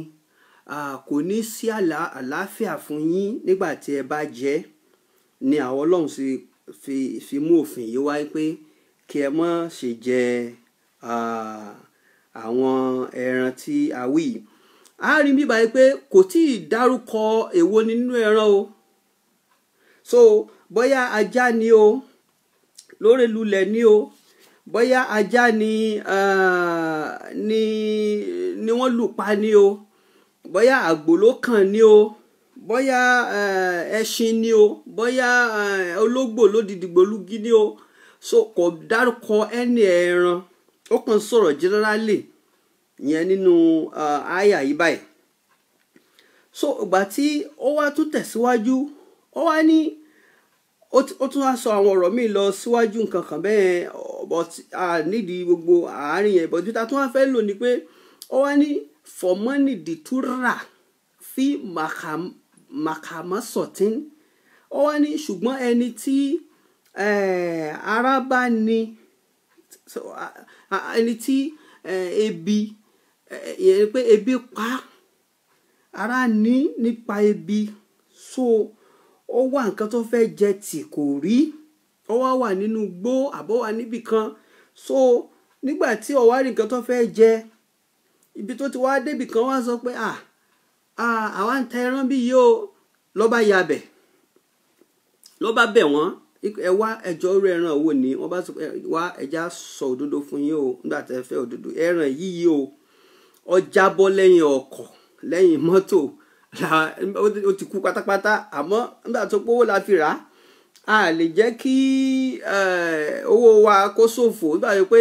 kò ní sí àlàáfíà fún yín nígbà tí ẹ bá jẹ ni àwọn ọlọ́run sì fi fi mú òfin yìí wáyé pé kí ẹ má ṣe jẹ àwọn ẹran tí a wí a rí bíbá yìí pé kò tí ì dárúkọ èwo nínú ẹran o so bóyá ajá ni o lórí lulẹ̀ ni o bóyá ajá ni ni ni wọ́n lù pa ni o bóyá àgbò ló kàn ní o bóyá eh, ẹṣin ni o bóyá eh, ológbò lódìdígbòlugi ni o so kò dárúkọ ẹni ẹran ó kàn sọ̀rọ̀ generally yẹn nínú eh, àyà yìí báyìí so ìgbà tí ó wá tún tẹ̀síwájú ó wá ní ó tún wá sọ àwọn ọ̀rọ̀ míì lọ síwájú nǹkan bẹ́ẹ̀ but ah, nídìí gbogbo àárín yẹn but bí ta tún wá fẹ́ lò ní pé ó wá ní for money di tura fi màkàmọ́sọ̀tín ó wá ní ṣùgbọ́n ẹni tí eh, ara bá ní ẹni tí eh, ebi ìyẹn eh, pé ebi pa ara ní nípa ebi so ó wá nǹkan tó fẹ́ jẹ tì kò rí ó wá wà nínú igbó àbó wà so nígbà tí ó wá rí nǹkan tó fẹ́ jẹ ibi tó ti wá débì kan wá sọ pé ah, ah, àwa ń ta ẹran bí yìí o ló bá ya bẹ̀ ló bá bẹ̀ wọ́n ẹ wá ẹjọ́ rú ẹran wo ni wọ́n bá wá ẹja sọ òdodo fún yín o nígbà tẹ́ fẹ́ òdodo ẹran yíyí o ó jábọ́ lẹ́yìn ọkọ̀ lẹ́yìn mọ́tò ó ti kú pátápátá àmọ́ nígbà tó pówó la fi rà á a lè jẹ́ kí eh, owó wa kó ṣòfò nígbà tó pé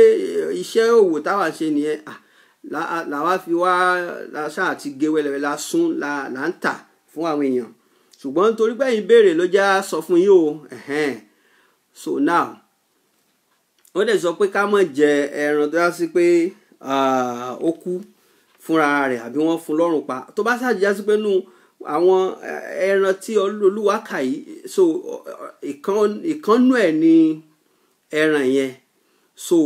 iṣẹ́ òwò táwa ṣe nìyẹn ah la wá fi wá la ṣáà ti gé la sún la là ń tà fún àwọn èèyàn ṣùgbọ́n nítorí pé ẹ̀yin béèrè ló já sọ fún yín o so now wọ́n dẹ̀ sọ pé ká má jẹ ẹran tó yá sí pé ó kú fúnra rẹ̀ àbí wọ́n fún pa tó bá ṣáà jẹ́ sí pé nù àwọn ẹran tí olúwa kà yìí so ìkànnú ẹ̀ ni ẹran yẹn so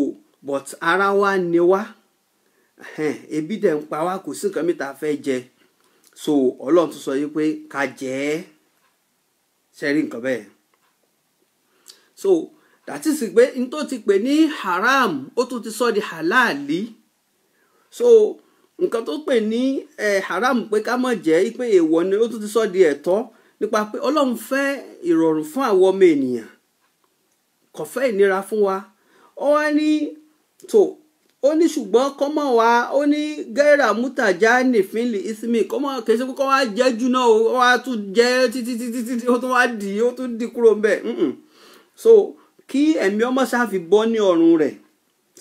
but ara wa ni wá. ebi dẹ̀ ń pa wá kò sí nǹkan mìta fẹ́ jẹ so ọlọ́run tún sọ yìí pé ka jẹ́ ẹ́ nǹkan bẹ́ẹ̀ so dàtí sì pé n tó ti pè ní haram ó tún ti sọ di halali so nǹkan tó pè ní haram pé ká je jẹ́ pé èèwọ̀ ni ó tún ti sọ di ẹ̀tọ́ nípa pé ọlọ́run fẹ́ ìrọ̀rùn fún àwọn ọmọ ènìyàn kò fẹ́ ìnira fún wa ó wá ní tó ó ní ṣùgbọ́n kọ́mọ̀ wá ó ní gẹ́rà mútàjá nìfínlẹ̀ ismi kọ́mọ̀ kìí ṣe kó wá jẹ́ júná o wá tún jẹ́ títí títí títí ó tún wá dì í ó tún dì kúrò ń bẹ̀ so kí ẹ̀mí ọmọ ṣáfi bọ́ ní ọ̀run rẹ̀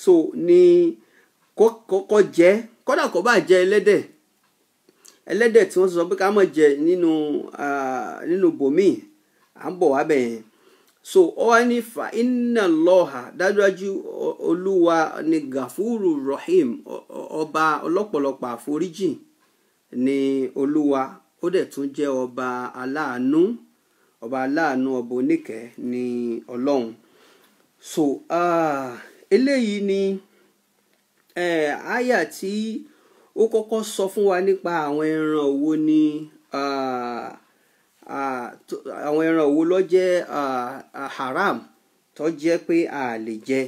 so ni kọ́kọ́ jẹ́ kódà kó bá jẹ́ ẹlẹ́dẹ̀ ẹlẹ́dẹ̀ tí wọ́n sọ pé ká má jẹ nínú nínú bòmíì à ń bọ̀ wá bẹ̀yẹn so ó wá fa inna Allaha dájúdájú olúwa ni gafuru rahim ọba ọlọpọlọpọ àforíjì ni olúwa ó je tún ọba aláàánú ọba aláàánú ọba oníkẹ́ ní so uh, eléyìí ni eh, àyà tí ó kọ́kọ́ sọ fún wa nípa àwọn ẹran owo ni uh, àwọn ẹran wo ló jẹ́ haram tó jẹ́ pé a lè jẹ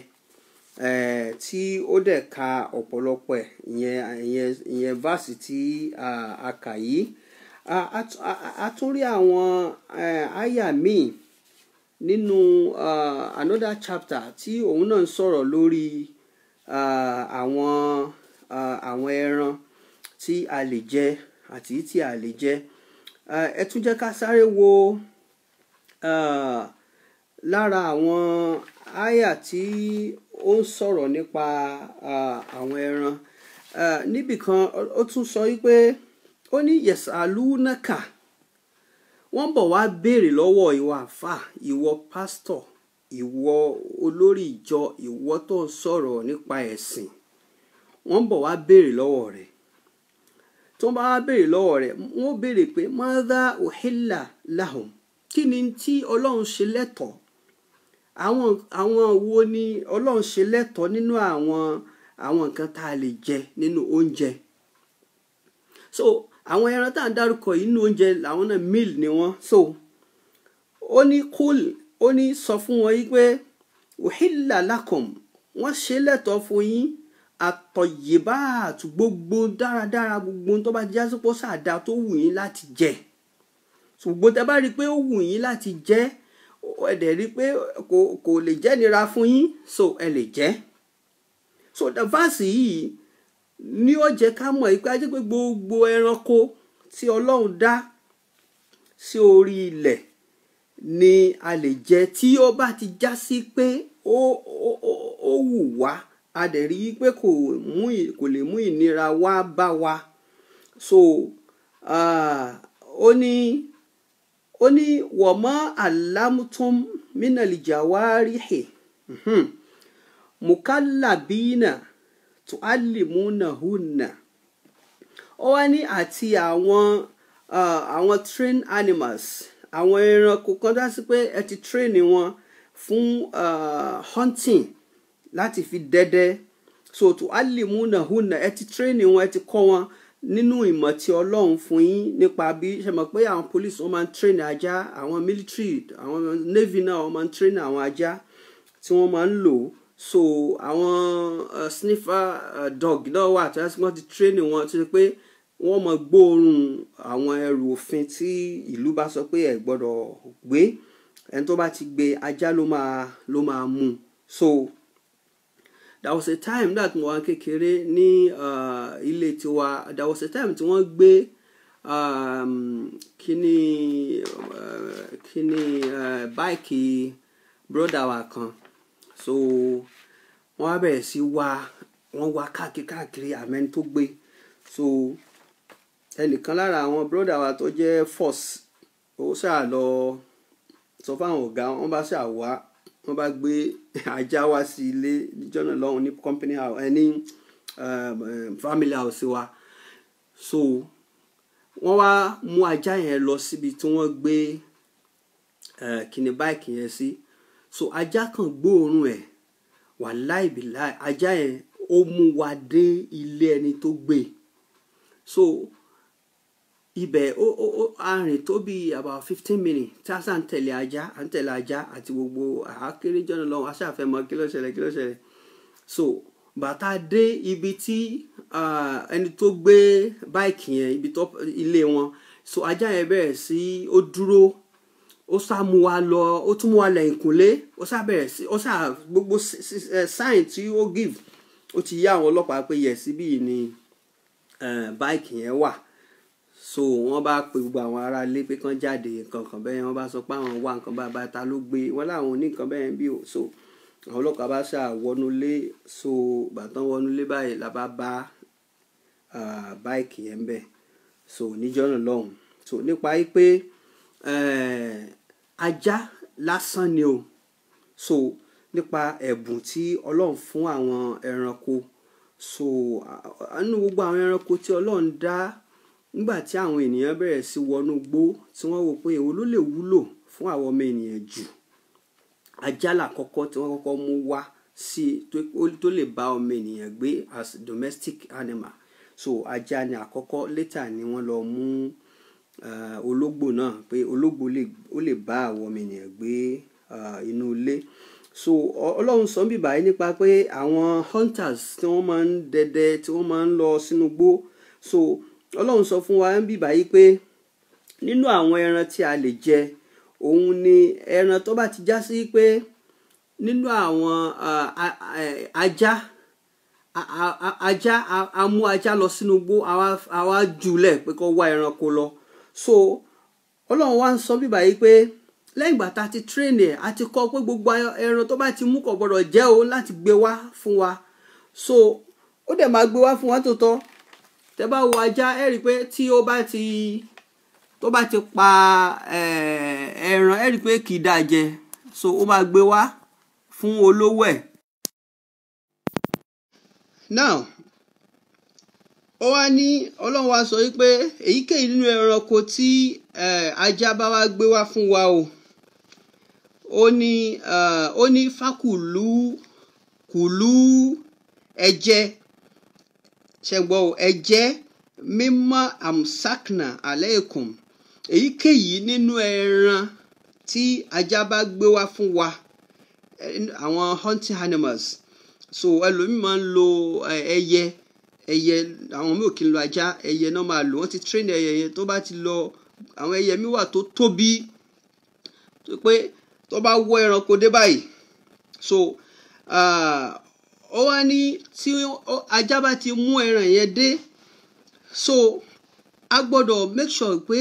tí ó dẹ̀ ka ọ̀pọ̀lọpọ̀ ẹ̀ ìyẹn ìyẹn vaasi tí a kà yìí a tún rí àwọn àyà míì nínú another chapter tí òun náà ń sọ̀rọ̀ lórí àwọn àwọn ẹran tí a lè jẹ àti tí a lè jẹ. Uh, ẹ tún jẹ́ ká sáré wo lára àwọn àyà tí ó ń sọ̀rọ̀ nípa àwọn ẹran níbìkan ó tún sọ wípé ó ní yẹ̀sàlúnàkà wọ́n bọ̀ wá béèrè lọ́wọ́ ìwọ àfà ìwọ pásítọ̀ ìwọ olórí ìjọ ìwọ tó ń sọ̀rọ̀ nípa ẹ̀sìn wọ́n bọ̀ wá béèrè lọ́wọ́ rẹ̀ tó bá béèrè lọ́wọ́ rẹ̀ wọ́n béèrè pé mọ́dá òhìlà lahùn kí ni tí ọlọ́run ṣe lẹ́tọ̀ọ́ àwọn àwọn wo ni ọlọ́run ṣe lẹ́tọ̀ọ́ nínú àwọn àwọn nǹkan tá a lè jẹ nínú oúnjẹ so àwọn ẹran tá à ń dárúkọ yìí nínú oúnjẹ làwọn náà meal ni wọ́n so ó ní kúl ó ní sọ fún wọn yìí pé òhìlà lakum wọ́n ṣe lẹ́tọ̀ọ́ fún yín àtọ̀yìnbáàtù gbogbo dáradára gbogbo tó bá já sí pọ́sàdá tó wù yín láti jẹ ṣùgbọ́n tẹ bá rí i pé ó wù yín láti jẹ ẹ dẹ̀ rí i pé kò kò lè jẹ́ nira fún yín so ẹ lè jẹ́ so dàfáàsì yìí ní ó jẹ́ ká mọ̀ yìí pé ajé pé gbogbo ẹranko tí ọlọ́run dá sí orí ilẹ̀ ni a lè jẹ tí ó bá ti já sí pé ó wù wá a dẹ̀ rí i pé kò mú kò lè mú ìnira wá bá wa so ó ní ó ní wọ̀mọ́ alámútún mínàlìjà wá rí hè mùkálàbínà tó á lè mú nàhùnà ó wá ní àti àwọn àwọn train animals àwọn ẹranko kan dá sí pé ẹ ti train wọn fún hunting láti fi dẹ́dẹ́ so to alimuna huna ẹ ti tírénì wọn ẹ ti kọ́ wọn nínú ìmọ̀ tí ọlọ́run fún yín nípa bí ṣe mọ̀ pé àwọn police wọn máa ń tírénì ajá àwọn military àwọn navy náà wọn máa ń tírénì àwọn ajá tí wọ́n máa ń lò so àwọn uh, sniffer eh, dog náà wà tó yẹ kí wọ́n ti tírénì wọn tó ṣe pé wọ́n mọ gbóòórùn àwọn ẹrù òfin tí ìlú bá sọ pé ẹ gbọ́dọ̀ gbé ẹni tó bá ti gbé ajá ló máa mú so there was a time that mo wà kékeré ní uh, ilé tiwa there was a time tí wọ́n gbé kíní um, kíní uh, uh, báìkì broda wa kan so wọ́n á bẹ̀rẹ̀ sí wá wọ́n wá káàkiri to àmẹ́ni tó gbé so ẹnìkan lára àwọn broda wa tó jẹ́ force ó ṣáà lọ sọ fáwọn ọ̀gá wọn bá ṣáà wá wọ́n bá gbé ajá wá sí ilé níjọ́ náà lọ́hùn ní company house ẹ eh, um, um, family house wa so wọ́n wá mú ajá yẹn lọ síbi tí wọ́n gbé eh, kíni báìkì yẹn sí so ajá kan gbóòórùn ẹ̀ wà láìbìláì ajá yẹn ó mú wa dé ilé ẹni tó gbé so ibẹ̀ ó ó ó arìn tó bí about fifteen minutes tí a sàn tẹ̀lé ajá à ń tẹ̀lé ajá àti gbogbo àákéré jọ́nà lọ́wọ́ aṣáfẹ́ mọ kí ló ṣẹlẹ̀ kí ló ṣẹlẹ̀ so bàtà dé ibi tí ẹni tó gbé báìkì yẹn ibi tó ilé wọn so ajá yẹn bẹ̀rẹ̀ sí ó dúró ó sá mu wa lọ ó tún mu wa lẹ́yìn kúnlé ó sá bẹ̀rẹ̀ sí ó sá gbogbo eh, sign tí ó give ó ti yá àwọn ọlọ́pàá pé yẹ̀ síbí ni eh, báìkì yẹn wà. Uh, so wọ́n bá pe gbogbo àwọn ará ilé pé kán jáde nǹkan kan bẹ́ẹ̀ wọ́n bá sọ pé àwọn wá nǹkan bàbá ta ló gbé wọ́n láwọn ò ní nǹkan bẹ́ẹ̀ bí o so àwọn ọlọ́pàá bá ṣáà wọnúlé so bàtán wọnúlé báyìí la bá báìkì yẹn bẹ́ẹ̀ so níjọ́ náà lọ́hùn so nípa yìí pé ajá lásán ni o so nípa ẹ̀bùn tí ọlọ́run fún àwọn ẹranko so inú gbogbo àwọn ẹranko tí ọlọ́run dá nígbà àwọn ènìyàn bẹ̀rẹ̀ sí wọnú gbó tí wọ́n wò pé èwo ló lè wúlò fún àwọn ọmọ ènìyàn jù ajálà kọ́kọ́ tí wọ́n kọ́kọ́ mú wá sí tó lè bá ọmọ ènìyàn gbé as domestic animal so ajá ni àkọ́kọ́ létà ni wọ́n lọ mú eh, ológbò náà pé ológbò ó lè bá àwọn ọmọ ènìyàn gbé eh, inú ilé so ọlọ́run sọ bíbá yìí nípa pé àwọn hunters tí wọ́n máa ń dẹdẹ tí wọ́n máa ń lọ sínú gbó so ọlọ́run sọ fún wa ń bíbá yìí pé nínú àwọn ẹran tí a lè jẹ òun ni ẹran tó bá ti já sí pé nínú àwọn ajá ajá a mú ajá lọ sínú igbó àwa jùlẹ̀ pé kó wá ẹranko lọ so ọlọ́run wa ń sọ bíbá yìí pé lẹ́yìn ìgbà tá a ti train ẹ̀ a ti kọ́ pé gbogbo ẹran tó bá ti mú kò gbọ́dọ̀ jẹ́ o láti gbé wá fún wa so ó dẹ̀ máa gbé wá fún wa tó tọ́ tẹ́ bá wo ajá ẹ rí i pé tí ó bá ti tó bá ti pa ẹran ẹ rí i pé kì í dáa jẹ so ó máa gbé wá fún olówó ẹ̀. now ó wá ní ọlọ́run wa sọ wípé èyíkéyìí nínú ẹranko tí ajá bá wá gbé wá fún wa o ó ní ó ní fákùlù kùlù ẹ̀jẹ̀ ṣẹgbọ́ ẹ jẹ́ mímọ́ amsakna aleikum èyíkéyìí nínú ẹran tí ajá bá gbé wá fún wa àwọn hunting animals so ẹlòmíì máa ń lo ẹyẹ ẹyẹ àwọn mi ò kí ń lo ajá ẹyẹ náà máa lò wọ́n ti train ẹyẹ yẹn tó bá ti lọ àwọn ẹyẹ mi wà tó tóbi pé tó bá wọ ẹranko dé báyìí so ah, ó wá ní tí ajá bá ti mú ẹran yẹn dé so a gbọ́dọ̀ make sure pé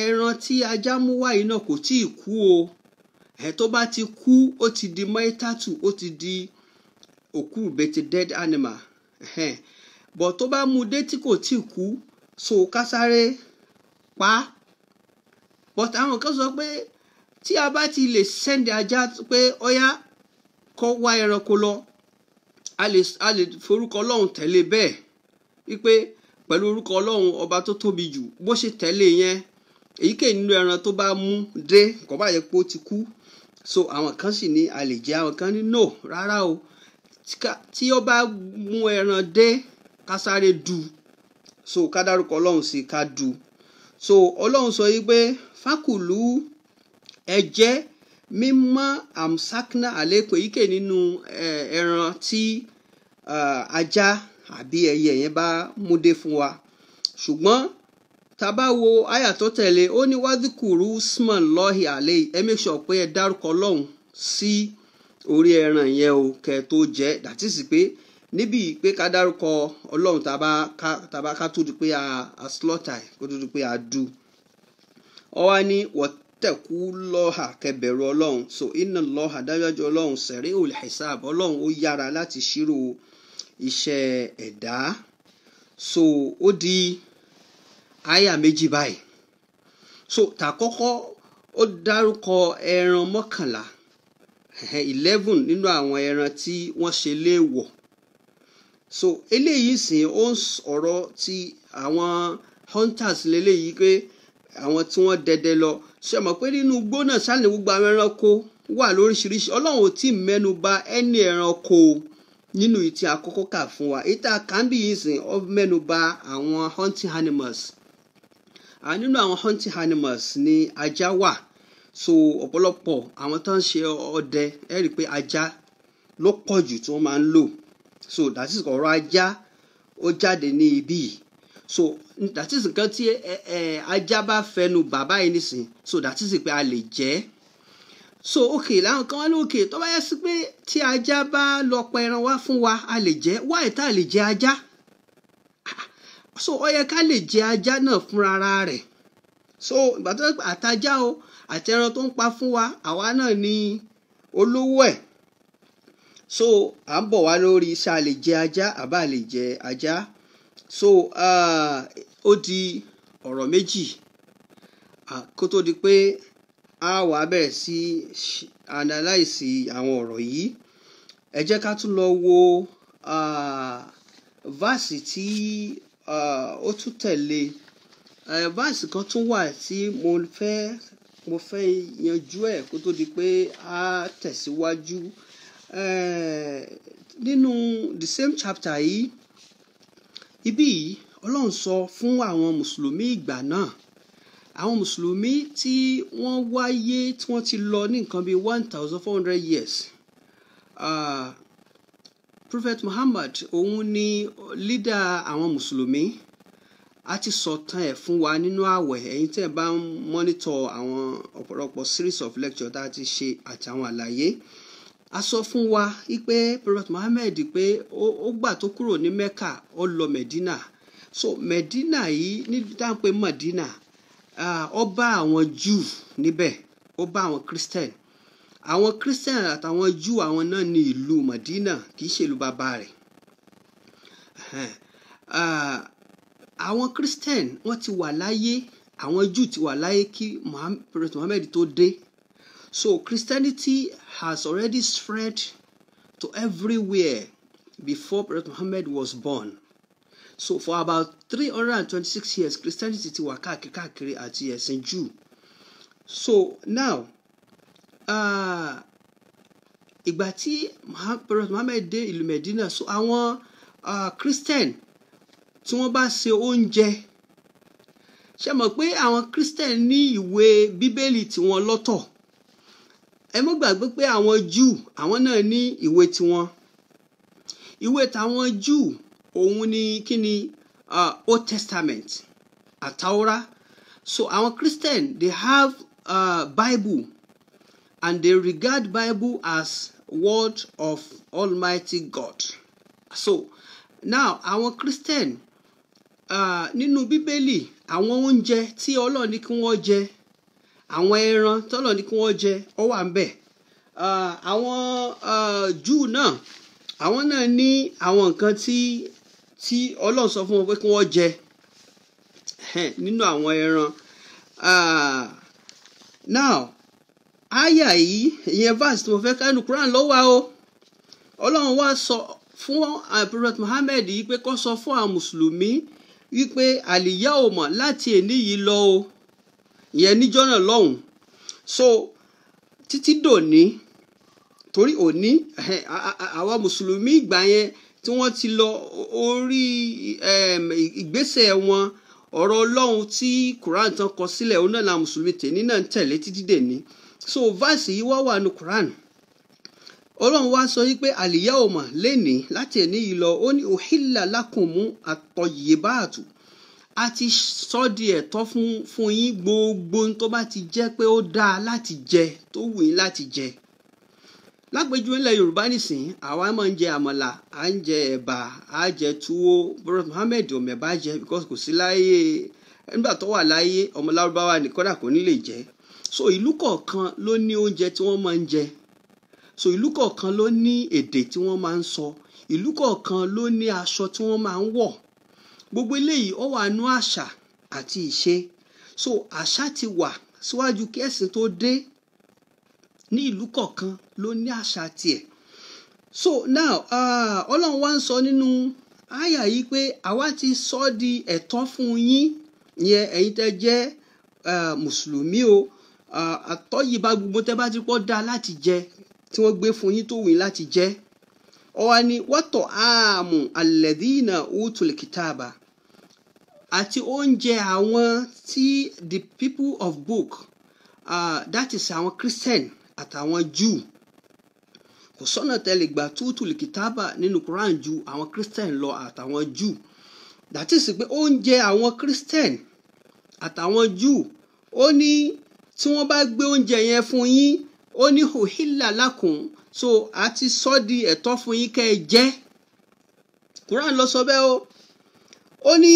ẹran tí ajá mú wá yìí náà kò tí ì kú o ẹ̀ tó bá ti kú ó ti di mọ́ítàtù ó ti di òkú bẹ́tì dead animal bọ̀ tó bá mú dé tí kò tí kú so ká sáré pa á but àwọn kan sọ pé tí a bá ti lè sẹ́ndì ajá pé ọ̀yá kó wá ẹranko lọ a lè a lè forúkọ ọlọ́run tẹ̀lé bẹ́ẹ̀ wípé pẹ̀lú orúkọ ọlọ́run ọba tó tóbi jù bó ṣe tẹ̀lé yẹn èyíkéyìí nínú ẹran tó bá mú dé kò bá yẹ pé ó ti kú so àwọn kan sì ní a lè jẹ àwọn kan ní no rárá o tí ó bá mú ẹran dé ká sáré du so ká dárúkọ ọlọ́run sí ká du so ọlọ́run sọ yìí pé fákùlù ẹ jẹ mímọ́ amsakna àlékún èyíkéyìí nínú ẹran tí ajá àbí ẹyẹ yẹn bá múdé fún wa ṣùgbọ́n tá a bá wo àyà tó tẹ̀lé ó ní wádìkùrú usman lọ́hìn àlẹ́ ẹ make sure pé ẹ dárúkọ Ọlọ́hun sí orí ẹran yẹn o kẹ́ tó jẹ dàtí pé níbi pé ká dárúkọ Ọlọ́hun tá ká tó di pé a slaughter kó tó di pé a du ọ wá ní wọ́tí tẹ̀kú lọ́hà kẹbẹ̀rù ọlọ́run so iná lọ́hà dájọ́jọ́ ọlọ́run sẹ̀rí òlì hisab ọlọ́run ó yára láti ṣírò iṣẹ́ ẹ̀dá so ó di àyà méjì báyìí so tàkọ́kọ́ ó dárúkọ ẹran mọ́kànlá eleven nínú àwọn ẹran tí wọ́n ṣe léèwọ̀ so eléyìí sìn ó ń sọ̀rọ̀ ti àwọn hunters lélẹ́yìí pé àwọn tí wọ́n dẹdẹ lọ ṣe mọ̀ pé nínú igbó náà ṣáàlì gbogbo àwọn ẹranko wà lóríṣiríṣi ọlọ́run ò tí ì mẹ́nu bà ẹni ẹranko nínú ìtì àkọ́kọ́ kà fún wa ìta kàmbí yìí ọ mẹ́nu bà àwọn hunting animals àwọn nínú àwọn hunting animals ni ajá wà so ọ̀pọ̀lọpọ̀ àwọn tó ń ṣe ọdẹ ẹ rí i pé ajá ló pọ̀ jù tí wọ́n máa ń lò so that is ọ̀rọ̀ ajá ó jáde ní ibí yìí so that is nǹkan tí eh, eh, ajá bá fẹnu bàbá yìí nísìn so that is pé a lè jẹ́ so ok láwọn kan wá ní ok tó bá yẹ sí pé tí ajá bá lọ pa ẹran wá fún wa a lè jẹ́ wáyé tá a lè jẹ ajá so ó yẹ ká lè jẹ ajá náà fúnra rẹ̀ so ìgbà tó àtajá o àti ẹran tó ń pa fún wa àwa náà ni olówó ẹ̀ so à ń bọ̀ wá lórí ṣá lè jẹ ajá àbá lè jẹ ajá so uh, ó uh, di ọ̀rọ̀ méjì uh, kó tó di pé a wà bẹ̀rẹ̀ sí analyse àwọn ọ̀rọ̀ yìí ẹ jẹ́ ká tún lọ wo uh, verse tí ó tún tẹ̀lé verse kan tún wà tí mo fẹ́ mo fẹ́ yanjú ẹ̀ kó tó di pé a tẹ̀síwájú nínú the same chapter yìí. Ibi yìí ọlọ́run sọ fún àwọn mùsùlùmí ìgbà náà àwọn mùsùlùmí tí wọ́n wáyé tí wọ́n ti lọ ní nǹkan bíi one thousand four hundred years uh, prophet muhammad òun ni lídà àwọn mùsùlùmí a ti sọ̀tàn ẹ̀ fún wa nínú àwẹ̀ ẹ̀yin tẹ́ ẹ̀ bá ń mọ́nítọ̀ àwọn ọ̀pọ̀lọpọ̀ series of lectures tá a ti ṣe àtàwọn àlàyé a sọ fún wa pé prophet muhammed pé ó gbà tó kúrò ní mecca ó lọ medina so medina yìí ní dáńpé medina ó bá àwọn jew níbẹ̀ ó bá àwọn christian àwọn christian àtàwọn jew àwọn náà ní ìlú medina kì í ṣe ìlú bàbá rẹ̀ àwọn christian wọ́n ti wà láyé àwọn jew ti wà láyé kí prophet muhammed tó dé so christianity has already spread to everywhere before Prophet Muhammad was born. So for about 326 years, Christianity ti wà káàkiri àti ẹ̀sìn Jew. So now, uh, ìgbà tí Prophet Muhammad dé ilu Medina, so àwọn uh, Christian tí wọ́n bá ṣe oúnjẹ ṣe mọ̀ pé àwọn Christian ní ìwé Bíbélì tiwọn lọ́tọ̀ ẹ mọ́ gbàgbé pé àwọn Júù àwọn náà ní ìwé tiwọn ìwé tàwọn Júù òun ni kí ni uh, Old Testament àtàwọ́rá so àwọn Christian they have uh, Bible and they regard Bible as word of Almighty God so now àwọn Christian uh, nínú Bíbélì àwọn oúnjẹ tí Ọlọ́run ní kí wọ́n jẹ àwọn ẹran tọ́lọ̀ ní kí wọ́n jẹ ọ wà ń bẹ̀ àwọn Júù náà àwọn náà ní àwọn nǹkan tí tí Ọlọ́run sọ fún wọn pé kí wọ́n jẹ nínú àwọn ẹran now àyà yìí ìyẹn verse tí mo fẹ́ kánú Quran lọ́wọ́ o Ọlọ́run wá sọ fún Prophet Muhammad yìí pé kó sọ fún àwọn mùsùlùmí wípé àlìyá ò mọ̀ láti èní yìí lọ o ìyẹn níjọ́ lọ́hùn so títí dòní torí òní àwa mùsùlùmí ìgbà yẹn tí wọ́n ti lọ orí ìgbésẹ̀ wọn ọ̀rọ̀ ọlọ́run tí quran tán kọ sílẹ̀ òun náà la mùsùlùmí tèmi náà ń tẹ̀lé títí dèní so verse yìí wá wà ní quran ọlọ́run wá sọ wípé àlìyá òmà lẹ́nìí láti ẹ̀ní yìí lọ ó ní òhìlà lákùnmú àtọ̀yẹ̀báàtù a ti sọ di ẹ̀tọ́ fún fún yín gbogbo tó bá ti jẹ́ pé ó dáa láti jẹ tó wù yín láti jẹ lágbèjúwe ńlẹ̀ yorùbá nìsín àwa máa ń jẹ àmàlà à ń jẹ ẹ̀bà à jẹ túwó bros muhammed ọmọọba jẹ because kò sí láyé nígbà tó wà láyé ọmọ lárúbáwá ní kódà kò ní lè jẹ so ìlú kọ̀ọ̀kan ló ní oúnjẹ tí wọ́n máa ń jẹ so ìlú kọ̀ọ̀kan ló ní èdè tí wọ́n máa ń sọ ìlú kọ̀ọ̀kan ló ní aṣọ tí wọ́n máa ń wọ̀ gbogbo eléyìí ó wà nú àṣà àti ìṣe so àṣà ti wà síwájú kí ẹ̀sìn tó dé ní ìlú kọ̀ọ̀kan ló ní àṣà tiẹ̀ so now ah, ọlọ́run wá ń sọ nínú àyà yìí pé àwa ti sọ ọ́ di ẹ̀tọ́ fún yín yẹn ẹ̀yin tẹ́ jẹ́ mùsùlùmí o ah, àtọ́ yìí bá gbogbo tẹ́ bá ti pọ́ dá láti jẹ tí wọ́n gbé fún yín tó wù yín láti jẹ ọ wá ní wọ́tọ̀ ààmù alẹ́dínà utul àti oúnjẹ àwọn tí the people of book uh, that is àwọn Christian àtàwọn Jew kò sọ́nà tẹ́lẹ̀ gbà tútùlì kìtàbà nínú Quran ju àwọn Christian lọ àtàwọn Jew that is pé oúnjẹ àwọn Christian àtàwọn Jew ó ní tí wọ́n bá gbé oúnjẹ yẹn fún yín ó ní òhìlà lákùn so a ti sọ di ẹ̀tọ́ fún yín kẹ́ ẹ jẹ Quran ló sọ bẹ́ẹ̀ o ó ní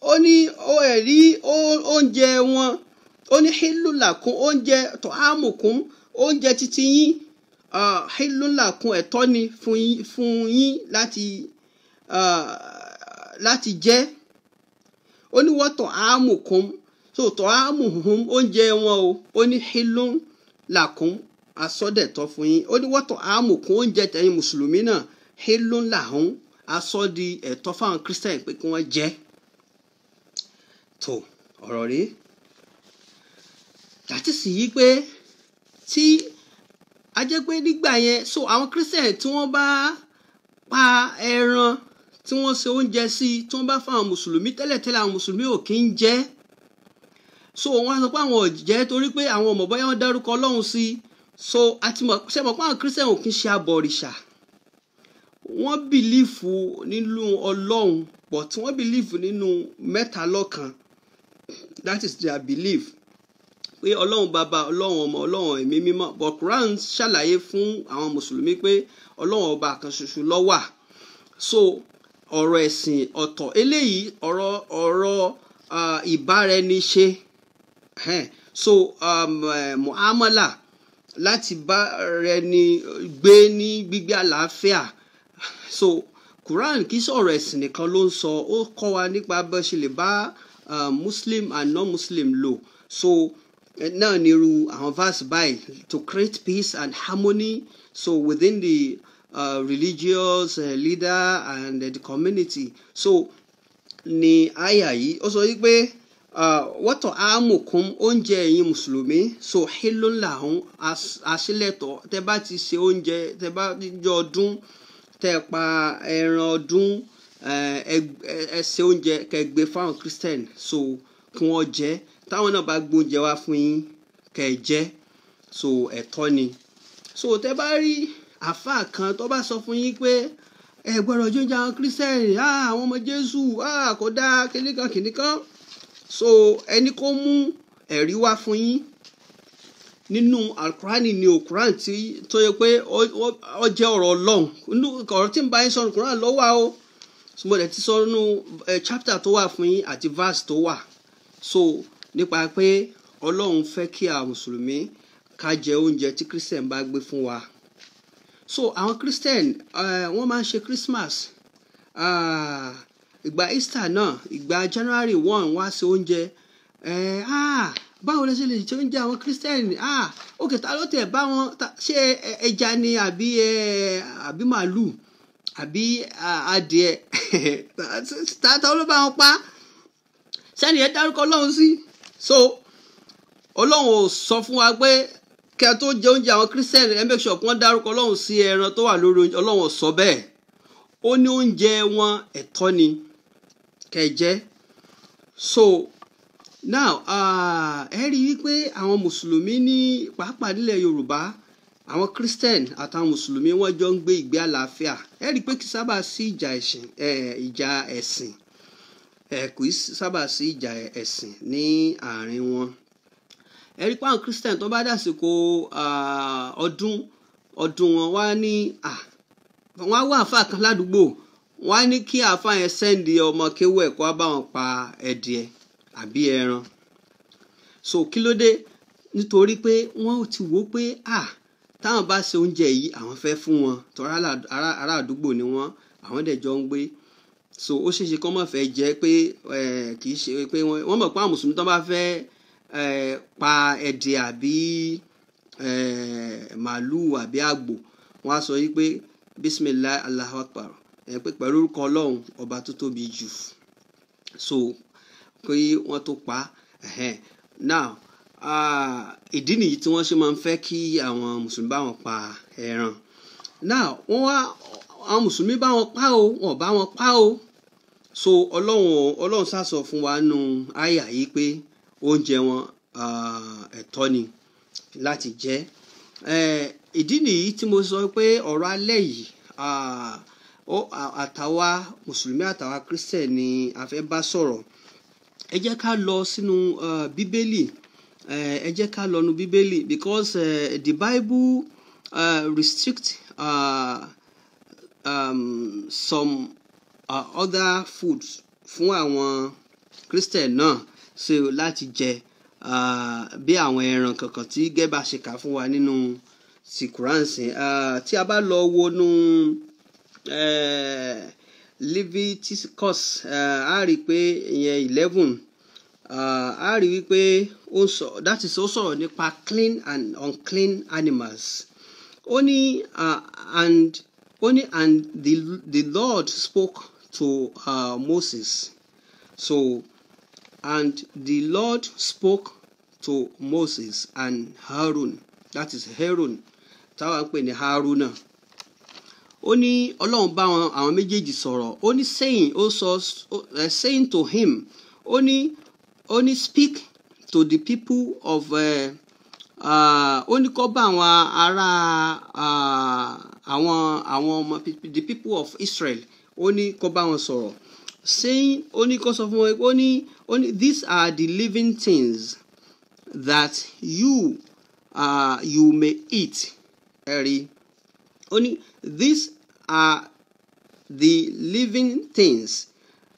ó ní ẹ̀rí oúnjẹ wọn ó ní hílùlàkún oúnjẹ tó oúnjẹ títí yín hílùlàkún ẹ̀tọ́ ni fún yín láti láti jẹ ó ní wọ́n tó tó tó oúnjẹ wọn o ó ní hílùlàkún asọ́dẹ̀tọ́ fún yín ó ní wọ́n tó oúnjẹ tẹ̀yin mùsùlùmí náà hílùlàhún asọ́di fáwọn kírísítẹ̀n pé kí wọ́n jẹ tó ọ̀rọ̀ rí dàtí sì yí pé tí a jẹ́ pé nígbà yẹn so àwọn christian tí wọ́n bá pa ẹran tí wọ́n ṣe oúnjẹ sí i tí wọ́n bá fún àwọn mùsùlùmí tẹ́lẹ̀tẹ́lẹ̀ àwọn mùsùlùmí ò kí ń jẹ so wọ́n á sọ pé àwọn ò jẹ torí pé àwọn ọmọ bọ́yá wọ́n dárúkọ ọlọ́run sí so àti mọ̀ ṣe mọ̀ pé àwọn christian ò kí ń ṣe abọ̀rìṣà wọ́n bìlífù nínú ọlọ́run pọ̀ tí wọ́n bìlífù nínú mẹ́ta lọ́kan that is their belief pé ọlọ́run bàbá ọlọ́run ọmọ ọlọ́run ẹ̀mí mímọ́ but Quran ṣàlàyé fún àwọn mùsùlùmí pé ọlọ́run ọba kan ṣoṣo ló wà so ọ̀rọ̀ ẹ̀sìn ọ̀tọ̀ eléyìí ọ̀rọ̀ ọ̀rọ̀ ìbáraẹniṣe so um, uh, muamala láti bára ẹni gbé ní gbígbé àlàáfíà so Quran kì í sọ̀rọ̀ ẹ̀sìn nìkan ló ń sọ ó kọ́ wa nípa bó ṣe lè bá uh, muslim and non-muslim law so eh, now ni irú àwọn verse báyìí to create peace and harmony so within the uh, religious uh, leader and uh, the community so ni àyà yìí ó sọ wípé uh, wọ́tọ̀ àmùkún oúnjẹ ẹ̀yin mùsùlùmí so hílùn làwọn àṣìlẹ̀tọ̀ tẹ bá ti ṣe oúnjẹ tẹ bá jọ ọdún tẹ pa ẹran ọdún ẹ oúnjẹ kẹgbẹ fáwọn christian so kí wọ́n jẹ táwọn náà bá gbóúnjẹ wá fún yín kẹ so ẹ̀tọ́ ni so tẹ bá rí àáfàá kan tó bá sọ fún yín pé ẹ gbọ́dọ̀ jóúnjẹ àwọn christian àwọn ọmọ jésù kò dáa kìnìkan kìnìkan so ẹni kó mú ẹ̀rí wá fún yín nínú alukurani ni òkúrán tí tó yẹ pé ó jẹ́ ọ̀rọ̀ ọlọ́run ọ̀rọ̀ tí ń bá yín sọ alukurani lọ́wọ́ o so mo dẹ̀ ti sọ nínú eh, chapter tó wà fún yín àti verse tó wà so nípa pé ọlọ́run fẹ́ kí àwọn mùsùlùmí ká jẹ oúnjẹ tí christian bá gbé fún wa so àwọn christian eh, wọ́n máa ń ṣe christmas ah, ìgbà uh, easter náà ìgbà january one wá sí oúnjẹ eh, ah, báwo lè ṣe lè jẹ oúnjẹ àwọn christian ah, ok ta ló tẹ̀ bá wọn ṣe ẹja ni àbí màálù àbí adìẹ (laughs) tata ló bá wọn pa sẹ́ni ẹ dárúkọ ọlọ́run sí so ọlọ́run ò sọ fún wa pé kí ẹ tó jẹ oúnjẹ àwọn kírísítẹ́nì ẹ make sure kí wọ́n dárúkọ ọlọ́run sí ẹran tó wà lórí ọlọ́run ò sọ bẹ́ẹ̀ ó ní oúnjẹ wọn ẹ̀tọ́ ni kẹjẹ so now ẹ rí i wípé àwọn mùsùlùmí ní pàápàá nílẹ̀ yorùbá àwọn christian àtàwọn mùsùlùmí wọ́n jọ ń gbé ìgbé àlàáfíà ẹ rí i pé kì í sábà sí ìjà ẹ̀sìn ìjà ẹ̀sìn kì í sábà sí ìjà ẹ̀sìn ní àárín wọn ẹ rí i pé àwọn christian tó bá dàsìkò ọdún ọdún wọn wá ní wọn á wá àáfàá kan ládùúgbò wọn á ní kí àáfàá yẹn sẹ́ndì ọmọ kéwú ẹ̀ kó bá wọn pa ẹ̀dìẹ àbí ẹran so kí ló dé nítorí pé wọn ti wò ó pé ah táwọn bá ṣe oúnjẹ yìí àwọn fẹ́ fún wọn tọ́ra ará àdúgbò ni wọ́n àwọn dẹ̀ jọ ń gbé so ó ṣeéṣe kọ́ mọ̀ fẹ́ jẹ́ pé kì í ṣe pé wọ́n mọ̀ pé àwọn mùsùlùmí tó bá fẹ́ pa ẹ̀dẹ̀ àbí màálù àbí àgbò wọ́n á sọ yìí pé bisimilahi allahu akbar ẹ pé pẹ̀lú orúkọ ọlọ́run ọba tó tóbi jù so pé wọ́n tó pa now ìdí nìyí tí wọ́n ṣe máa ń fẹ́ kí àwọn mùsùlùmí bá wọn pa ẹran náà wọ́n wá àwọn mùsùlùmí bá wọn pa o wọn bá wọn pa o so ọlọ́run ọlọ́run sàsọ fún wa nù àyà yìí pé oúnjẹ wọn ẹ̀tọ́ ni láti jẹ ìdí nìyí tí mo sọ pé ọ̀rọ̀ alẹ́ yìí àtàwa mùsùlùmí àtàwa kírísítẹ̀ ni a fẹ́ bá sọ̀rọ̀ ẹ jẹ́ ká lọ sínú bíbélì. Uh, Eh, ẹ jẹ́ ká lọ́nu bíbélì because uh, the bible uh, restrict uh, um, some uh, other foods fún àwọn christian náà so láti jẹ uh, bí àwọn ẹran kankan tí gẹ́bà ṣe kà fún wa nínú ti quran sin uh, tí a bá lọ wo nu uh, leviticus uh, a rí i pé ìyẹn eleven uh, a rí i wípé ó sọ that is ó sọ̀rọ̀ nípa clean and unclean animals ó ní uh, and ó ní and the, the Lord spoke to uh, Moses so and the Lord spoke to Moses and Harun that is Harun táwa ń pè ní Haruna ó ní ọlọ́run bá wọn àwọn méjèèjì sọ̀rọ̀ ó ní saying ó sọ uh, saying to him ó ní ó ní speak to the people of eh, ah, ó ní kó bá àwọn ará ah, àwọn àwọn ọmọ the people of Israel ó ní kó bá wọn sọ̀rọ̀ saying ó ní kó sọ fún wọn ó ní ó ní these are the living things that you uh, you may eat ẹ̀rí ó ní these are the living things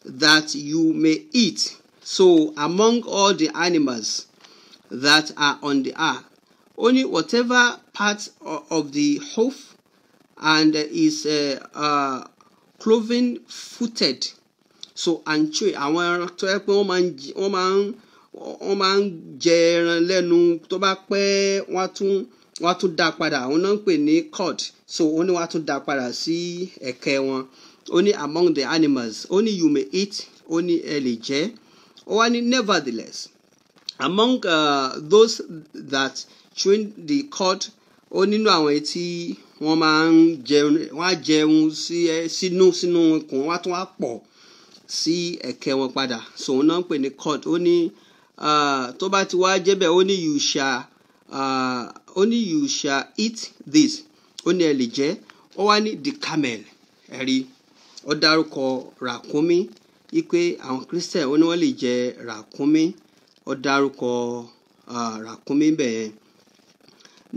that you may eat. So among all the animals that are on the ark, only whatever part of the hoof and is uh, uh, cloven footed so anchoy àwọn ẹran tó yẹ pé wọ́n máa ń wọ́n máa ń wọ́n máa ń jẹ ẹran lẹ́nu tó bá pẹ́ wọ́n tún wọ́n tún dá padà àwọn náà ń pè ní cod so ó ní wọ́n á tún dá padà sí ẹ̀kẹ́ wọn Only among the animals only you may eat Only ní ẹ lè jẹ Or nevertheless, among uh, those that join the court ó nínú àwọn tí wọ́n máa ń jẹun wọ́n á jẹun sí ẹ sínú sínú ikùn wọ́n á tún á pọ̀ sí ẹ̀kẹ́ wọn padà sòun náà ń pè ní court ó ní uh, tó bá ti wá jẹ́bẹ̀ ó ní you shall uh, ó only you shall eat this ó ní ẹ lè jẹ́ ó wá ní the camel ẹ̀rí ó dárúkọ ràkúnmí wípé àwọn christian wọn ni wọ́n lè jẹ ràkúnmí ó dárúkọ ràkúnmí bẹ́ẹ̀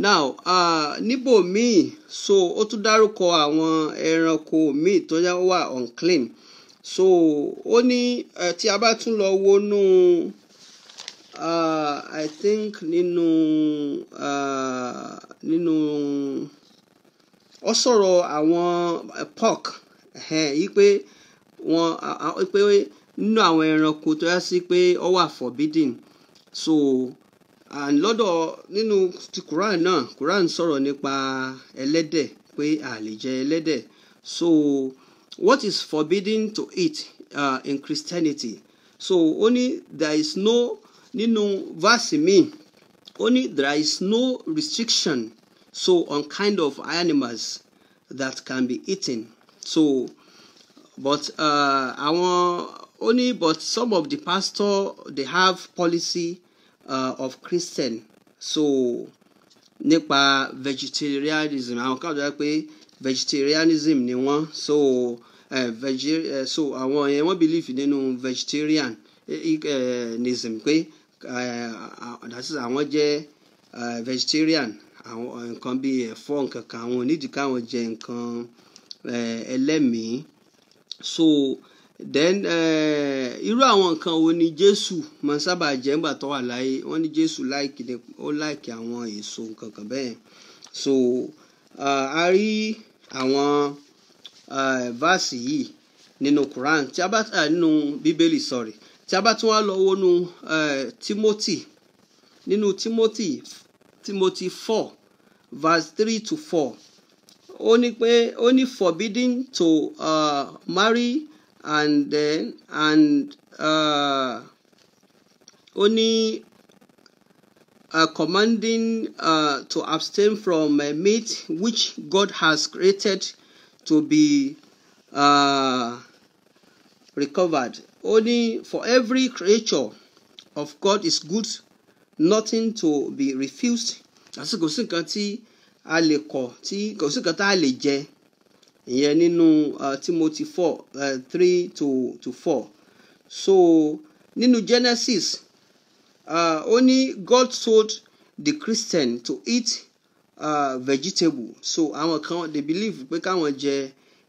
now uh, níbò míì so ó tún dárúkọ àwọn ẹranko míì tó yá wà unclean so ó ní uh, tí a bá tún lọ wọnú uh, i think nínú uh, nínú ó sọ̀rọ̀ àwọn uh, pork yìí pé. Uh, wọn pé nínú àwọn ẹranko tó yá sí pé ó wà forbidden so and lọ́dọ̀ nínú ti Quran náà Quran sọ̀rọ̀ nípa ẹlẹ́dẹ̀ pé a lè jẹ ẹlẹ́dẹ̀ so what is forbidden to eat uh, in Christianity so ó ní there is no nínú verse mi ó ní there is no restriction so on kind of animals that can be eaten so but uh, àwọn ó ní but some of the pastor they have policy uh, of Christian so nípa vegetarianism àwọn kan jẹ́ pé vegetarianism ni wọ́n so uh, vege uh, so àwọn yẹn wọ́n believe nínú vegetarianism pé uh, that is àwọn jẹ́ uh, vegetarian àwọn nǹkan bíi ẹ̀fọ́ nǹkan kan àwọn onídìí káwọn jẹ nǹkan uh, ẹlẹ́mìí. Uh, so then eh, irú àwọn nǹkan wo ni Jésù máa sábà jẹ nígbà tó wà láyé wọ́n ní Jésù láìkì ni ó láìkì àwọn èso nǹkan bẹ́ẹ̀ so uh, a rí àwọn uh, verse yìí nínú Quran tí a bá uh, nínú Bíbélì sorry tí a bá tún wá lọ wọnú Timothy nínú Timothy Timothy four verse three to four ó ní pé ó ní forbidden to uh, marry and then and uh, ní uh, commanding uh, to abstain from uh, meat which God has created to be uh, recovered ó ní for every creature of God is good nothing to be refused àsìkò sí nǹkan tí a lè kọ̀ tí kò sí kan tá a lè jẹ ìyẹn nínú uh, Timothy four uh, three to to four so nínú Genesis uh, ó ní God told the Christian to eat uh, vegetable so àwọn kan they believe pé káwọn jẹ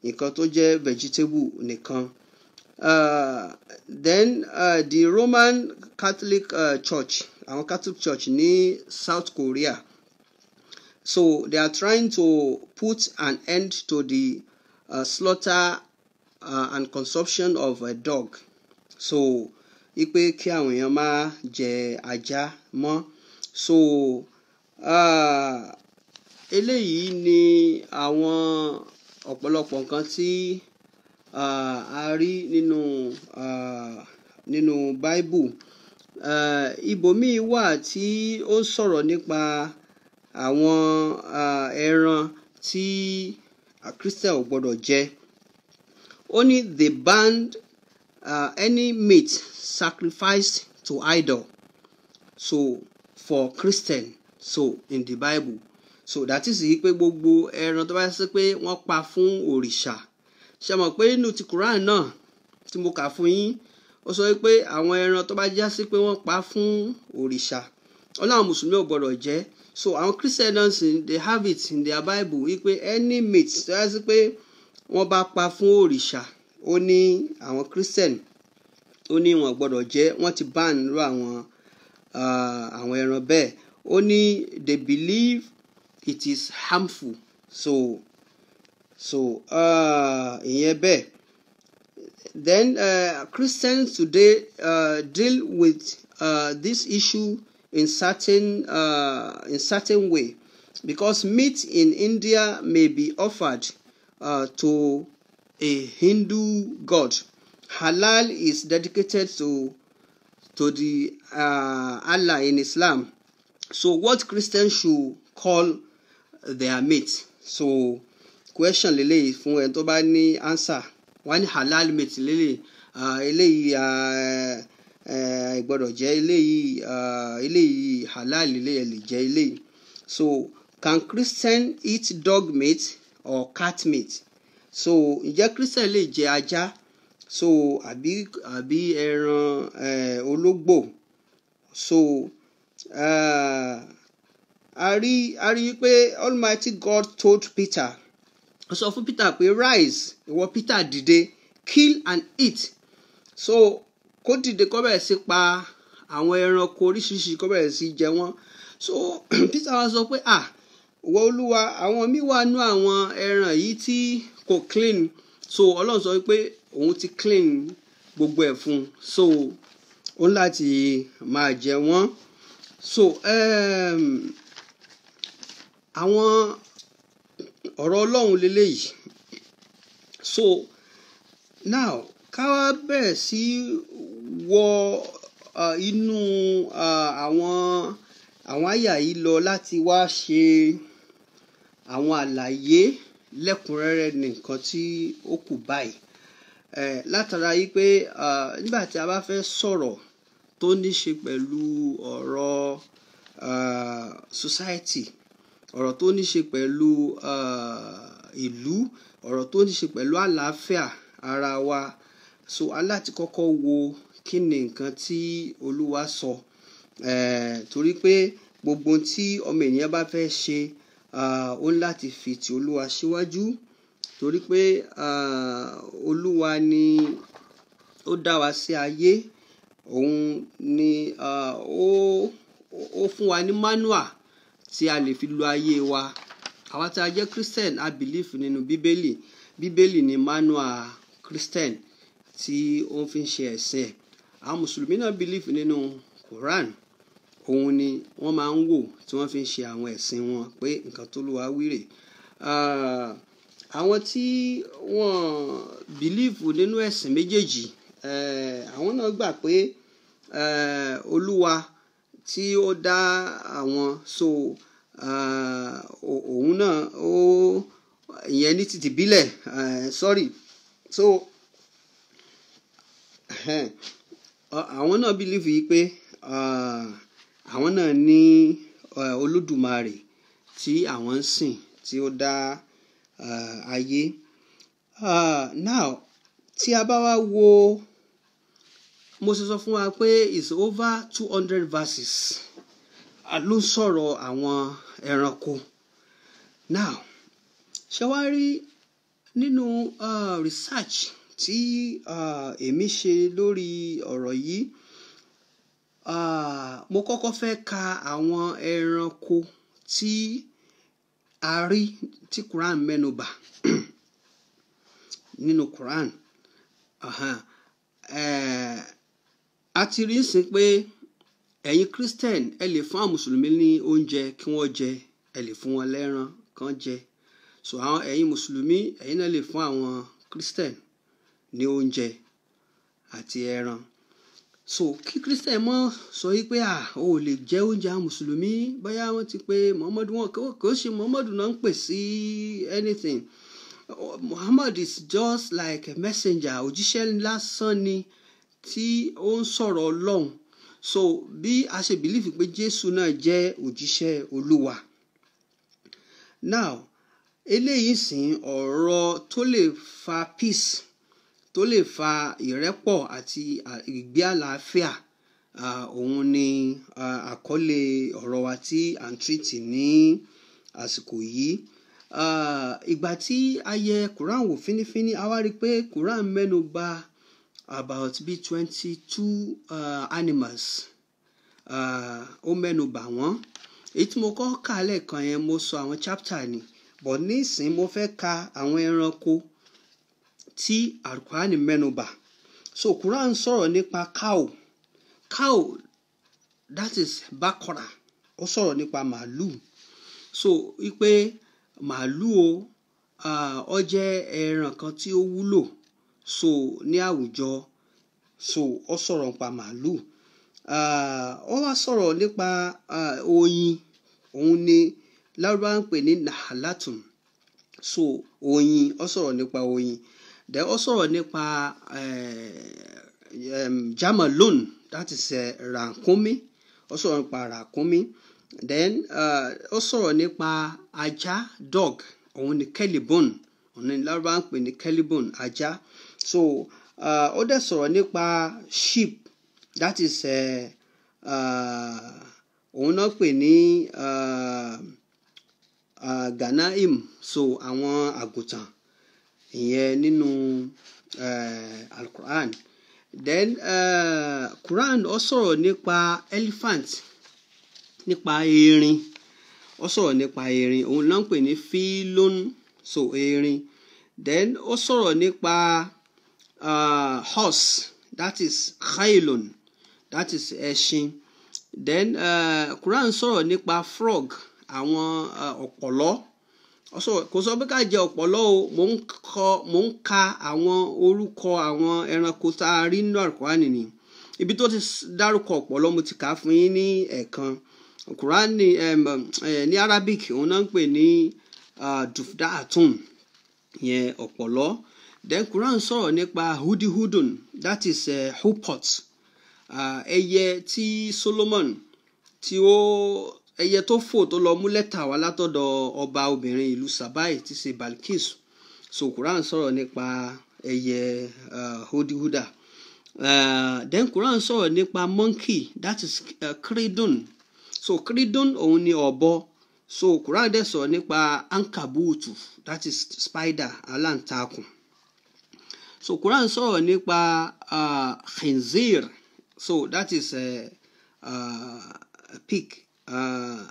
nǹkan tó jẹ vegetable nìkan uh, then uh, the Roman Catholic uh, Church àwọn Catholic Church ní South Korea So they are trying to put an end to the uh, slaughter uh, and consumption of a dog. So ipe kí àwọn èèyàn máa jẹ ajá mọ́. So uh, eléyìí ni àwọn ọ̀pọ̀lọpọ̀ nǹkan tí uh, a rí nínú uh, nínú Bible. Uh, ibòmíì wà tí ó sọ̀rọ̀ nípa àwọn ẹran tí Christian ò gbọdọ̀ jẹ ó ní they banned uh, any meat sacrificed to idol so for Christian so in the Bible so that is yìí pé gbogbo ẹran tó bá ṣe pé wọ́n pa fún òrìṣà ṣe mọ̀ pé nínú ti Quran náà tí mo kà fún yín ó sọ pé àwọn ẹran tó bá já sí pé wọ́n pa fún òrìṣà ó láwọn mùsùlùmí ò gbọdọ̀ jẹ so our christians they have it in their bible wípé any meat tó yẹ sí pé wọ́n bá pa fún òrìṣà ó ní àwọn christian ó ní wọ́n gbọ́dọ̀ jẹ wọ́n ti ban irú àwọn àwọn ẹran bẹ́ẹ̀ ó ní they believe it is harmful so so ìyẹn uh, bẹ́ẹ̀ then uh, Christians today uh, deal with uh, this issue in certain uh, in certain way because meat in India may be offered uh, to a Hindu god. Halal is dedicated to to the uh, Allah in Islam. So what Christians should call their meat. So question lélẹ́yìí fún ẹ tó bá ní answer wọ́n halal meat lélẹ́yìí ah, eléyìí. Uh, ah, ìgbọ́dọ̀ eh, jẹ́ eléyìí ah, eléyìí halal eléyìí ẹ̀ lè jẹ́ eléyìí so can Christian eat dog meat or cat meat so ǹjẹ́ Christian lè jẹ ajá so àbí àbí ẹran eh, ológbò so uh, a a rí pé Almighty God told Peter ó sọ fún Peter pé rise ìwọ Peter dìde kill and eat so kó dìde kó bẹ̀rẹ̀ sí pa àwọn ẹranko oríṣiríṣi kó bẹ̀rẹ̀ sí jẹ wọ́n so (clears throat) Peter wá sọ pé ah wọ olúwa àwọn míì wà nú àwọn ẹran yìí tí kò clean so ọlọ́run sọ pé òun ti clean gbogbo ẹ̀ fún un so òun láti máa jẹ wọ́n so um, àwọn ọ̀rọ̀ ọlọ́run leléyìí so now ká wá bẹ̀rẹ̀ sí wọ inú àwọn àwọn àyà yìí lọ láti wá ṣe àwọn àlàyé lẹ́kùnrẹ́rẹ́ ní nǹkan tí ó kù báyìí látara yìí pé nígbà tí a bá fẹ́ sọ̀rọ̀ tó ní ṣe pẹ̀lú ọ̀rọ̀ society ọ̀rọ̀ tó ní ṣe pẹ̀lú ìlú ọ̀rọ̀ tó ní ṣe pẹ̀lú àlàáfíà ara wa so aláti kọ́kọ́ wo kí ni nǹkan tí olúwa sọ eh, torí pé gbogbo tí ọmọ ènìyàn bá fẹ́ ṣe ah, ó ní láti fi ti olúwa síwájú torí pé ah, olúwa ni ó dá wa sí ayé òun ni ah, ó fún wa ní manual tí a lè fi lo ayé wa àwa tí a jẹ́ christian a believe nínú bíbélì bíbélì ni manua christian tí ó fi ń ṣe ẹ̀sìn ẹ̀ àwọn mùsùlùmí náà believe nínú Quran òun ni wọ́n máa ń wò tí wọ́n fi ń ṣe àwọn ẹ̀sìn wọn pé nǹkan tó ló wá wíre ah, àwọn tí wọ́n believe nínú ẹ̀sìn méjèèjì eh, àwọn náà gbà pé eh, olúwa tí ó dá àwọn so ah, òun náà ó ìyẹn ní títí bílẹ̀ eh, sorry so. Uh, (laughs) àwọn náà bìlífù yìí pé ah, àwọn náà ní eh, olódùmarè tí àwọn ń sìn tí ó dá eh, ayé ah, now tí a bá wá wo mo ṣe sọ fún wa pé it's over two hundred verses ló sọ̀rọ̀ àwọn ẹranko now ṣe wá rí nínú ah, research tí èmi ṣe lórí ọ̀rọ̀ yìí mo kọ́kọ́ fẹ́ ka àwọn ẹranko tí a rí tí Quran mẹ́nubà (clears throat) nínú Quran a ti rí sí pé ẹ̀yin Christian ẹ lè fún àwọn mùsùlùmí ní oúnjẹ kí wọ́n jẹ ẹ lè fún wọn lẹ́ran kan jẹ so àwọn ẹ̀yin mùsùlùmí ẹ̀yin náà lè fún àwọn Christian ní oúnjẹ àti ẹran so kí Christian mọ́ sọ yí pé ah o lè jẹ oúnjẹ àwọn mùsùlùmí bóyá wọ́n ti pé Muhammadu wọn kò ṣe Muhammadu náà ń pè sí anything Muhammad is just like a messenger òjíṣẹ́ lásán ni tí ó ń sọ̀rọ̀ Ọlọ́run so bí a ṣe bìlífì pé Jésù náà jẹ́ òjíṣẹ́ Olúwa now eléyìí sìn ọ̀rọ̀ tó lè fa peace tó lè fa ìrẹ́pọ̀ àti ìgbé àlàáfíà òun ni àkọlé ọ̀rọ̀ wa tí à ń tírìtì ní àsìkò yìí ìgbà tí a yẹ Quran wò fínífíní a wá rí i pé Quran mẹ́nu bà about bí twenty two animals ó mẹ́nu bà wọ́n èyí tí mo kọ́ kà lẹ́ẹ̀kan yẹn mo sọ àwọn chapter ni bọ̀ nísìnyí mo fẹ́ ka àwọn ẹranko. Uh, tí alukurani mẹ́nubà so quran sọ̀rọ̀ nípa cow cow that is bakora ó sọ̀rọ̀ nípa màálù so wípé màálù o ó jẹ́ ẹran kan tí ó wúlò so ní àwùjọ so ó sọ̀rọ̀ nípa màálù ó wá sọ̀rọ̀ nípa oyin òun ni lárúbá ń pè ní nahalatun so oyin ó sọ̀rọ̀ nípa oyin then ó sọ̀rọ̀ nípa jamalon eh, that is uh, ràkúnmí ó sọ̀rọ̀ nípa ràkúnmí then eh, ó sọ̀rọ̀ nípa ajá dog òun ni kelibon òun ni lárúbá ń pè ní kelibon ajá so ó dẹ̀ sọ̀rọ̀ nípa sheep that is òun náà pè ní ghanaim so àwọn àgùntàn ìyẹn nínú uh, eh, alukur'an then eh, quran ó sọ̀rọ̀ nípa elephant nípa erin ó sọ̀rọ̀ nípa erin òun náà ń pè ní filon so erin then ó sọ̀rọ̀ nípa uh, horse that is khailon that is ẹṣin then uh, quran sọ̀rọ̀ nípa frog àwọn ọ̀pọ̀lọ́. Uh, kò sọ pé ká jẹ ọ̀pọ̀lọ́ o mò ń kọ mò ń ka àwọn orúkọ àwọn ẹranko tá a rí nínú àkùránì ni ibi tó ti dárúkọ ọ̀pọ̀lọ́ mo ti kà á fún yín ní ẹ̀ẹ̀kan àkùránì eh, ní Arabic òun náà ń pè ní ah, dufdaatun yẹn ọ̀pọ̀lọ́ then Quran sọ̀rọ̀ nípa hudihudun that is uh, eh, hupot ah, ẹyẹ uh, Solomon tí ó ẹyẹ tó fò tó lọ mú lẹ́tà wá látọ̀dọ̀ ọba obìnrin ìlú Sabai tí ṣe Balkis so Quran sọ̀rọ̀ nípa ẹyẹ hodihuda uh, uh, then Quran sọ̀rọ̀ nípa monkey that is uh, so cridon òun ni ọ̀bọ so Quran dẹ̀ sọ̀rọ̀ nípa ankabutu that is spider aláǹtakùn so Quran sọ̀rọ̀ nípa uh, khinzir so that is uh, uh, pig Uh,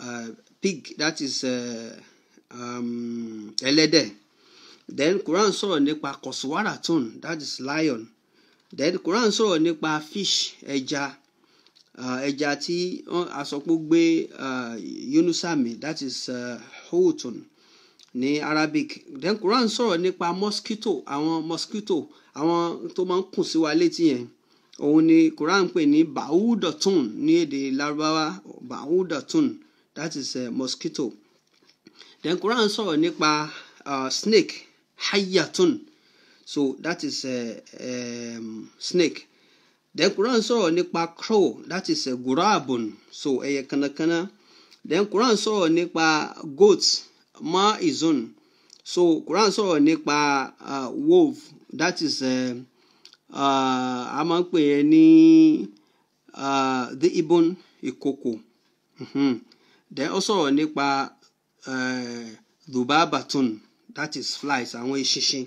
uh, pig that is ẹlẹ́dẹ̀ uh, um, then Quran sọ̀rọ̀ nípa kọ̀sùwáràtún that is lion then Quran sọ̀rọ̀ nípa fish ẹja uh, ẹja tí asọ̀pọ̀ gbé yunusa mi that is hutun uh, ní Arabic then Quran sọ̀rọ̀ nípa mosquito àwọn mosquito àwọn tó máa ń kùn sí wa létí yẹn òun ni Quran pè ní baudatun ní èdè Lárúbáwá baudatun that is uh, mosquito then Quran sọ̀rọ̀ nípa uh, snake hayatun so that is uh, um, snake then Quran sọ̀rọ̀ nípa crow that is uh, gurabun so ẹyẹ kanakana then Quran sọ̀rọ̀ nípa goat ma'izun so Quran sọ̀rọ̀ nípa uh, wolf that is. Uh, Ah, a máa ń pè é ní ah, the ibon ìkòkò mm-hmm. then ó sọ̀rọ̀ nípa eh, dhubabatun that is flies àwọn eṣinṣin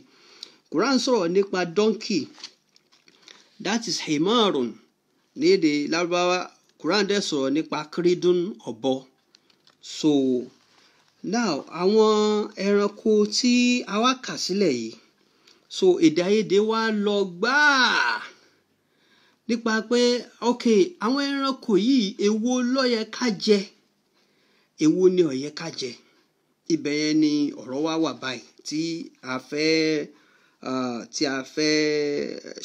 Quran sọ̀rọ̀ nípa donkey that is himarun ní èdè Lárúbáwá Quran dẹ̀ sọ̀rọ̀ nípa kírídùn ọ̀bọ so now àwọn ẹranko tí a wá kà sílẹ̀ yìí so èdè àìyedè wa lọ gbáà nípa pé ok àwọn ẹranko yìí ewo ló yẹ ká jẹ èwo ni ò yẹ ká jẹ ibẹ̀ yẹn ni ọ̀rọ̀ wa wà báyìí tí a fẹ́ uh, tí a fẹ́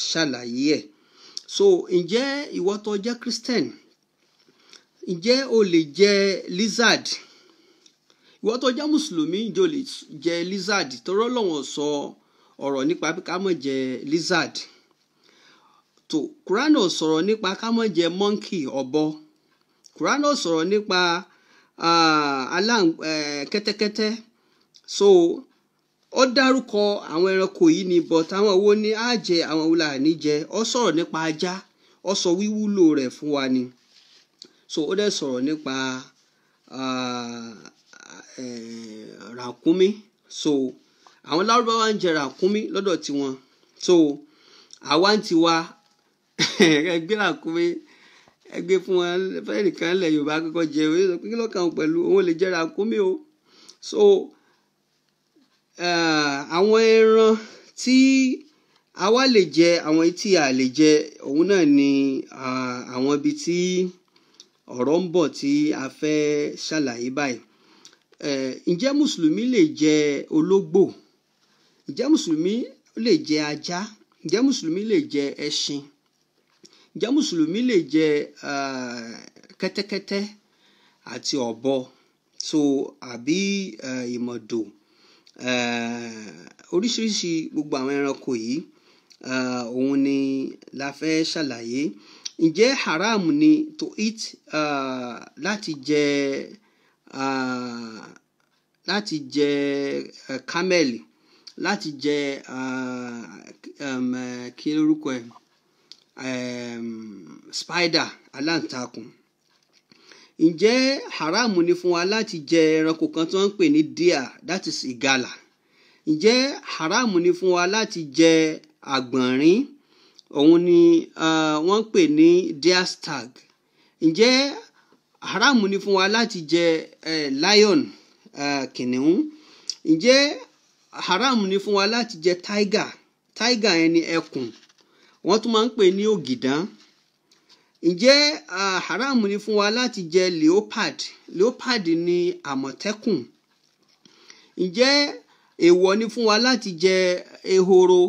ṣàlàyé ẹ̀ so ǹjẹ́ ìwọ tó jẹ́ Christian ǹjẹ́ o lè jẹ lizard ìwọ tó jẹ́ mùsùlùmí ǹjẹ́ o lè jẹ lizard tọ́rọ́ lọ́wọ́ sọ. So, ọ̀rọ̀ nípa pé jẹ lizard tó kurano sọ̀rọ̀ nípa ká má jẹ monkey ọ̀bọ kurano sọ̀rọ̀ nípa kẹtẹkẹtẹ. so ó dárúkọ àwọn ẹranko yìí ni but àwọn wo ni á jẹ àwọn wo là ní jẹ ó sọ̀rọ̀ nípa ajá ó sọ wíwúlò rẹ̀ fún wa ni so ó dẹ̀ sọ̀rọ̀ nípa ràkúnmí so. Uh, uh, àwọn lárúbáwá ń jẹ ràkúnmí lọ́dọ̀ tiwọn so àwa ń tiwa (laughs) ẹgbẹ́ ràkúnmí ẹgbẹ́ fún wọn fẹ́nìkan lẹ̀ yorùbá kọ́kọ́ jẹ òye sọ pé kí lọ́kàn pẹ̀lú òun lè jẹ ràkúnmí o so àwọn ẹran tí àwa lè jẹ àwọn tí a lè jẹ òun náà ni àwọn ibi tí ọ̀rọ̀ ń bọ̀ tí a fẹ́ ṣàlàyé báyìí ǹjẹ́ mùsùlùmí lè jẹ ológbò? ǹjẹ́ mùsùlùmí lè jẹ ajá ǹjẹ́ mùsùlùmí lè jẹ ẹṣin ǹjẹ́ mùsùlùmí lè jẹ eh, kẹ́tẹ́kẹ́tẹ́ àti ọ̀bọ so àbí eh, ìmọ̀dò eh, oríṣiríṣi gbogbo àwọn ẹranko yìí òun ni la fẹ́ ṣàlàyé ǹjẹ́ haram ni to eat uh, láti jẹ uh, láti jẹ uh, camel láti jẹ um, kí lórúkọ ẹ spider aláǹtakùn ǹjẹ́ haramu ni fún wa láti jẹ ẹranko kan tí wọ́n ń pè ní deer that is igala ǹjẹ́ haramu ni fún wa láti jẹ àgbọ̀nrín òun ni wọ́n ń pè ní deer stag ǹjẹ́ haramu ni fún wa láti jẹ lion kìnìún ǹjẹ́ haram ni fún wa láti jẹ tiger tiger yẹn ni ẹkùn wọ́n tún máa ń pè ní ògìdán ǹjẹ́ haram ni fún wa láti jẹ leopard leopard ni àmọ̀tẹ́kùn ǹjẹ́ èèwọ̀ ni fún wa láti jẹ ehoro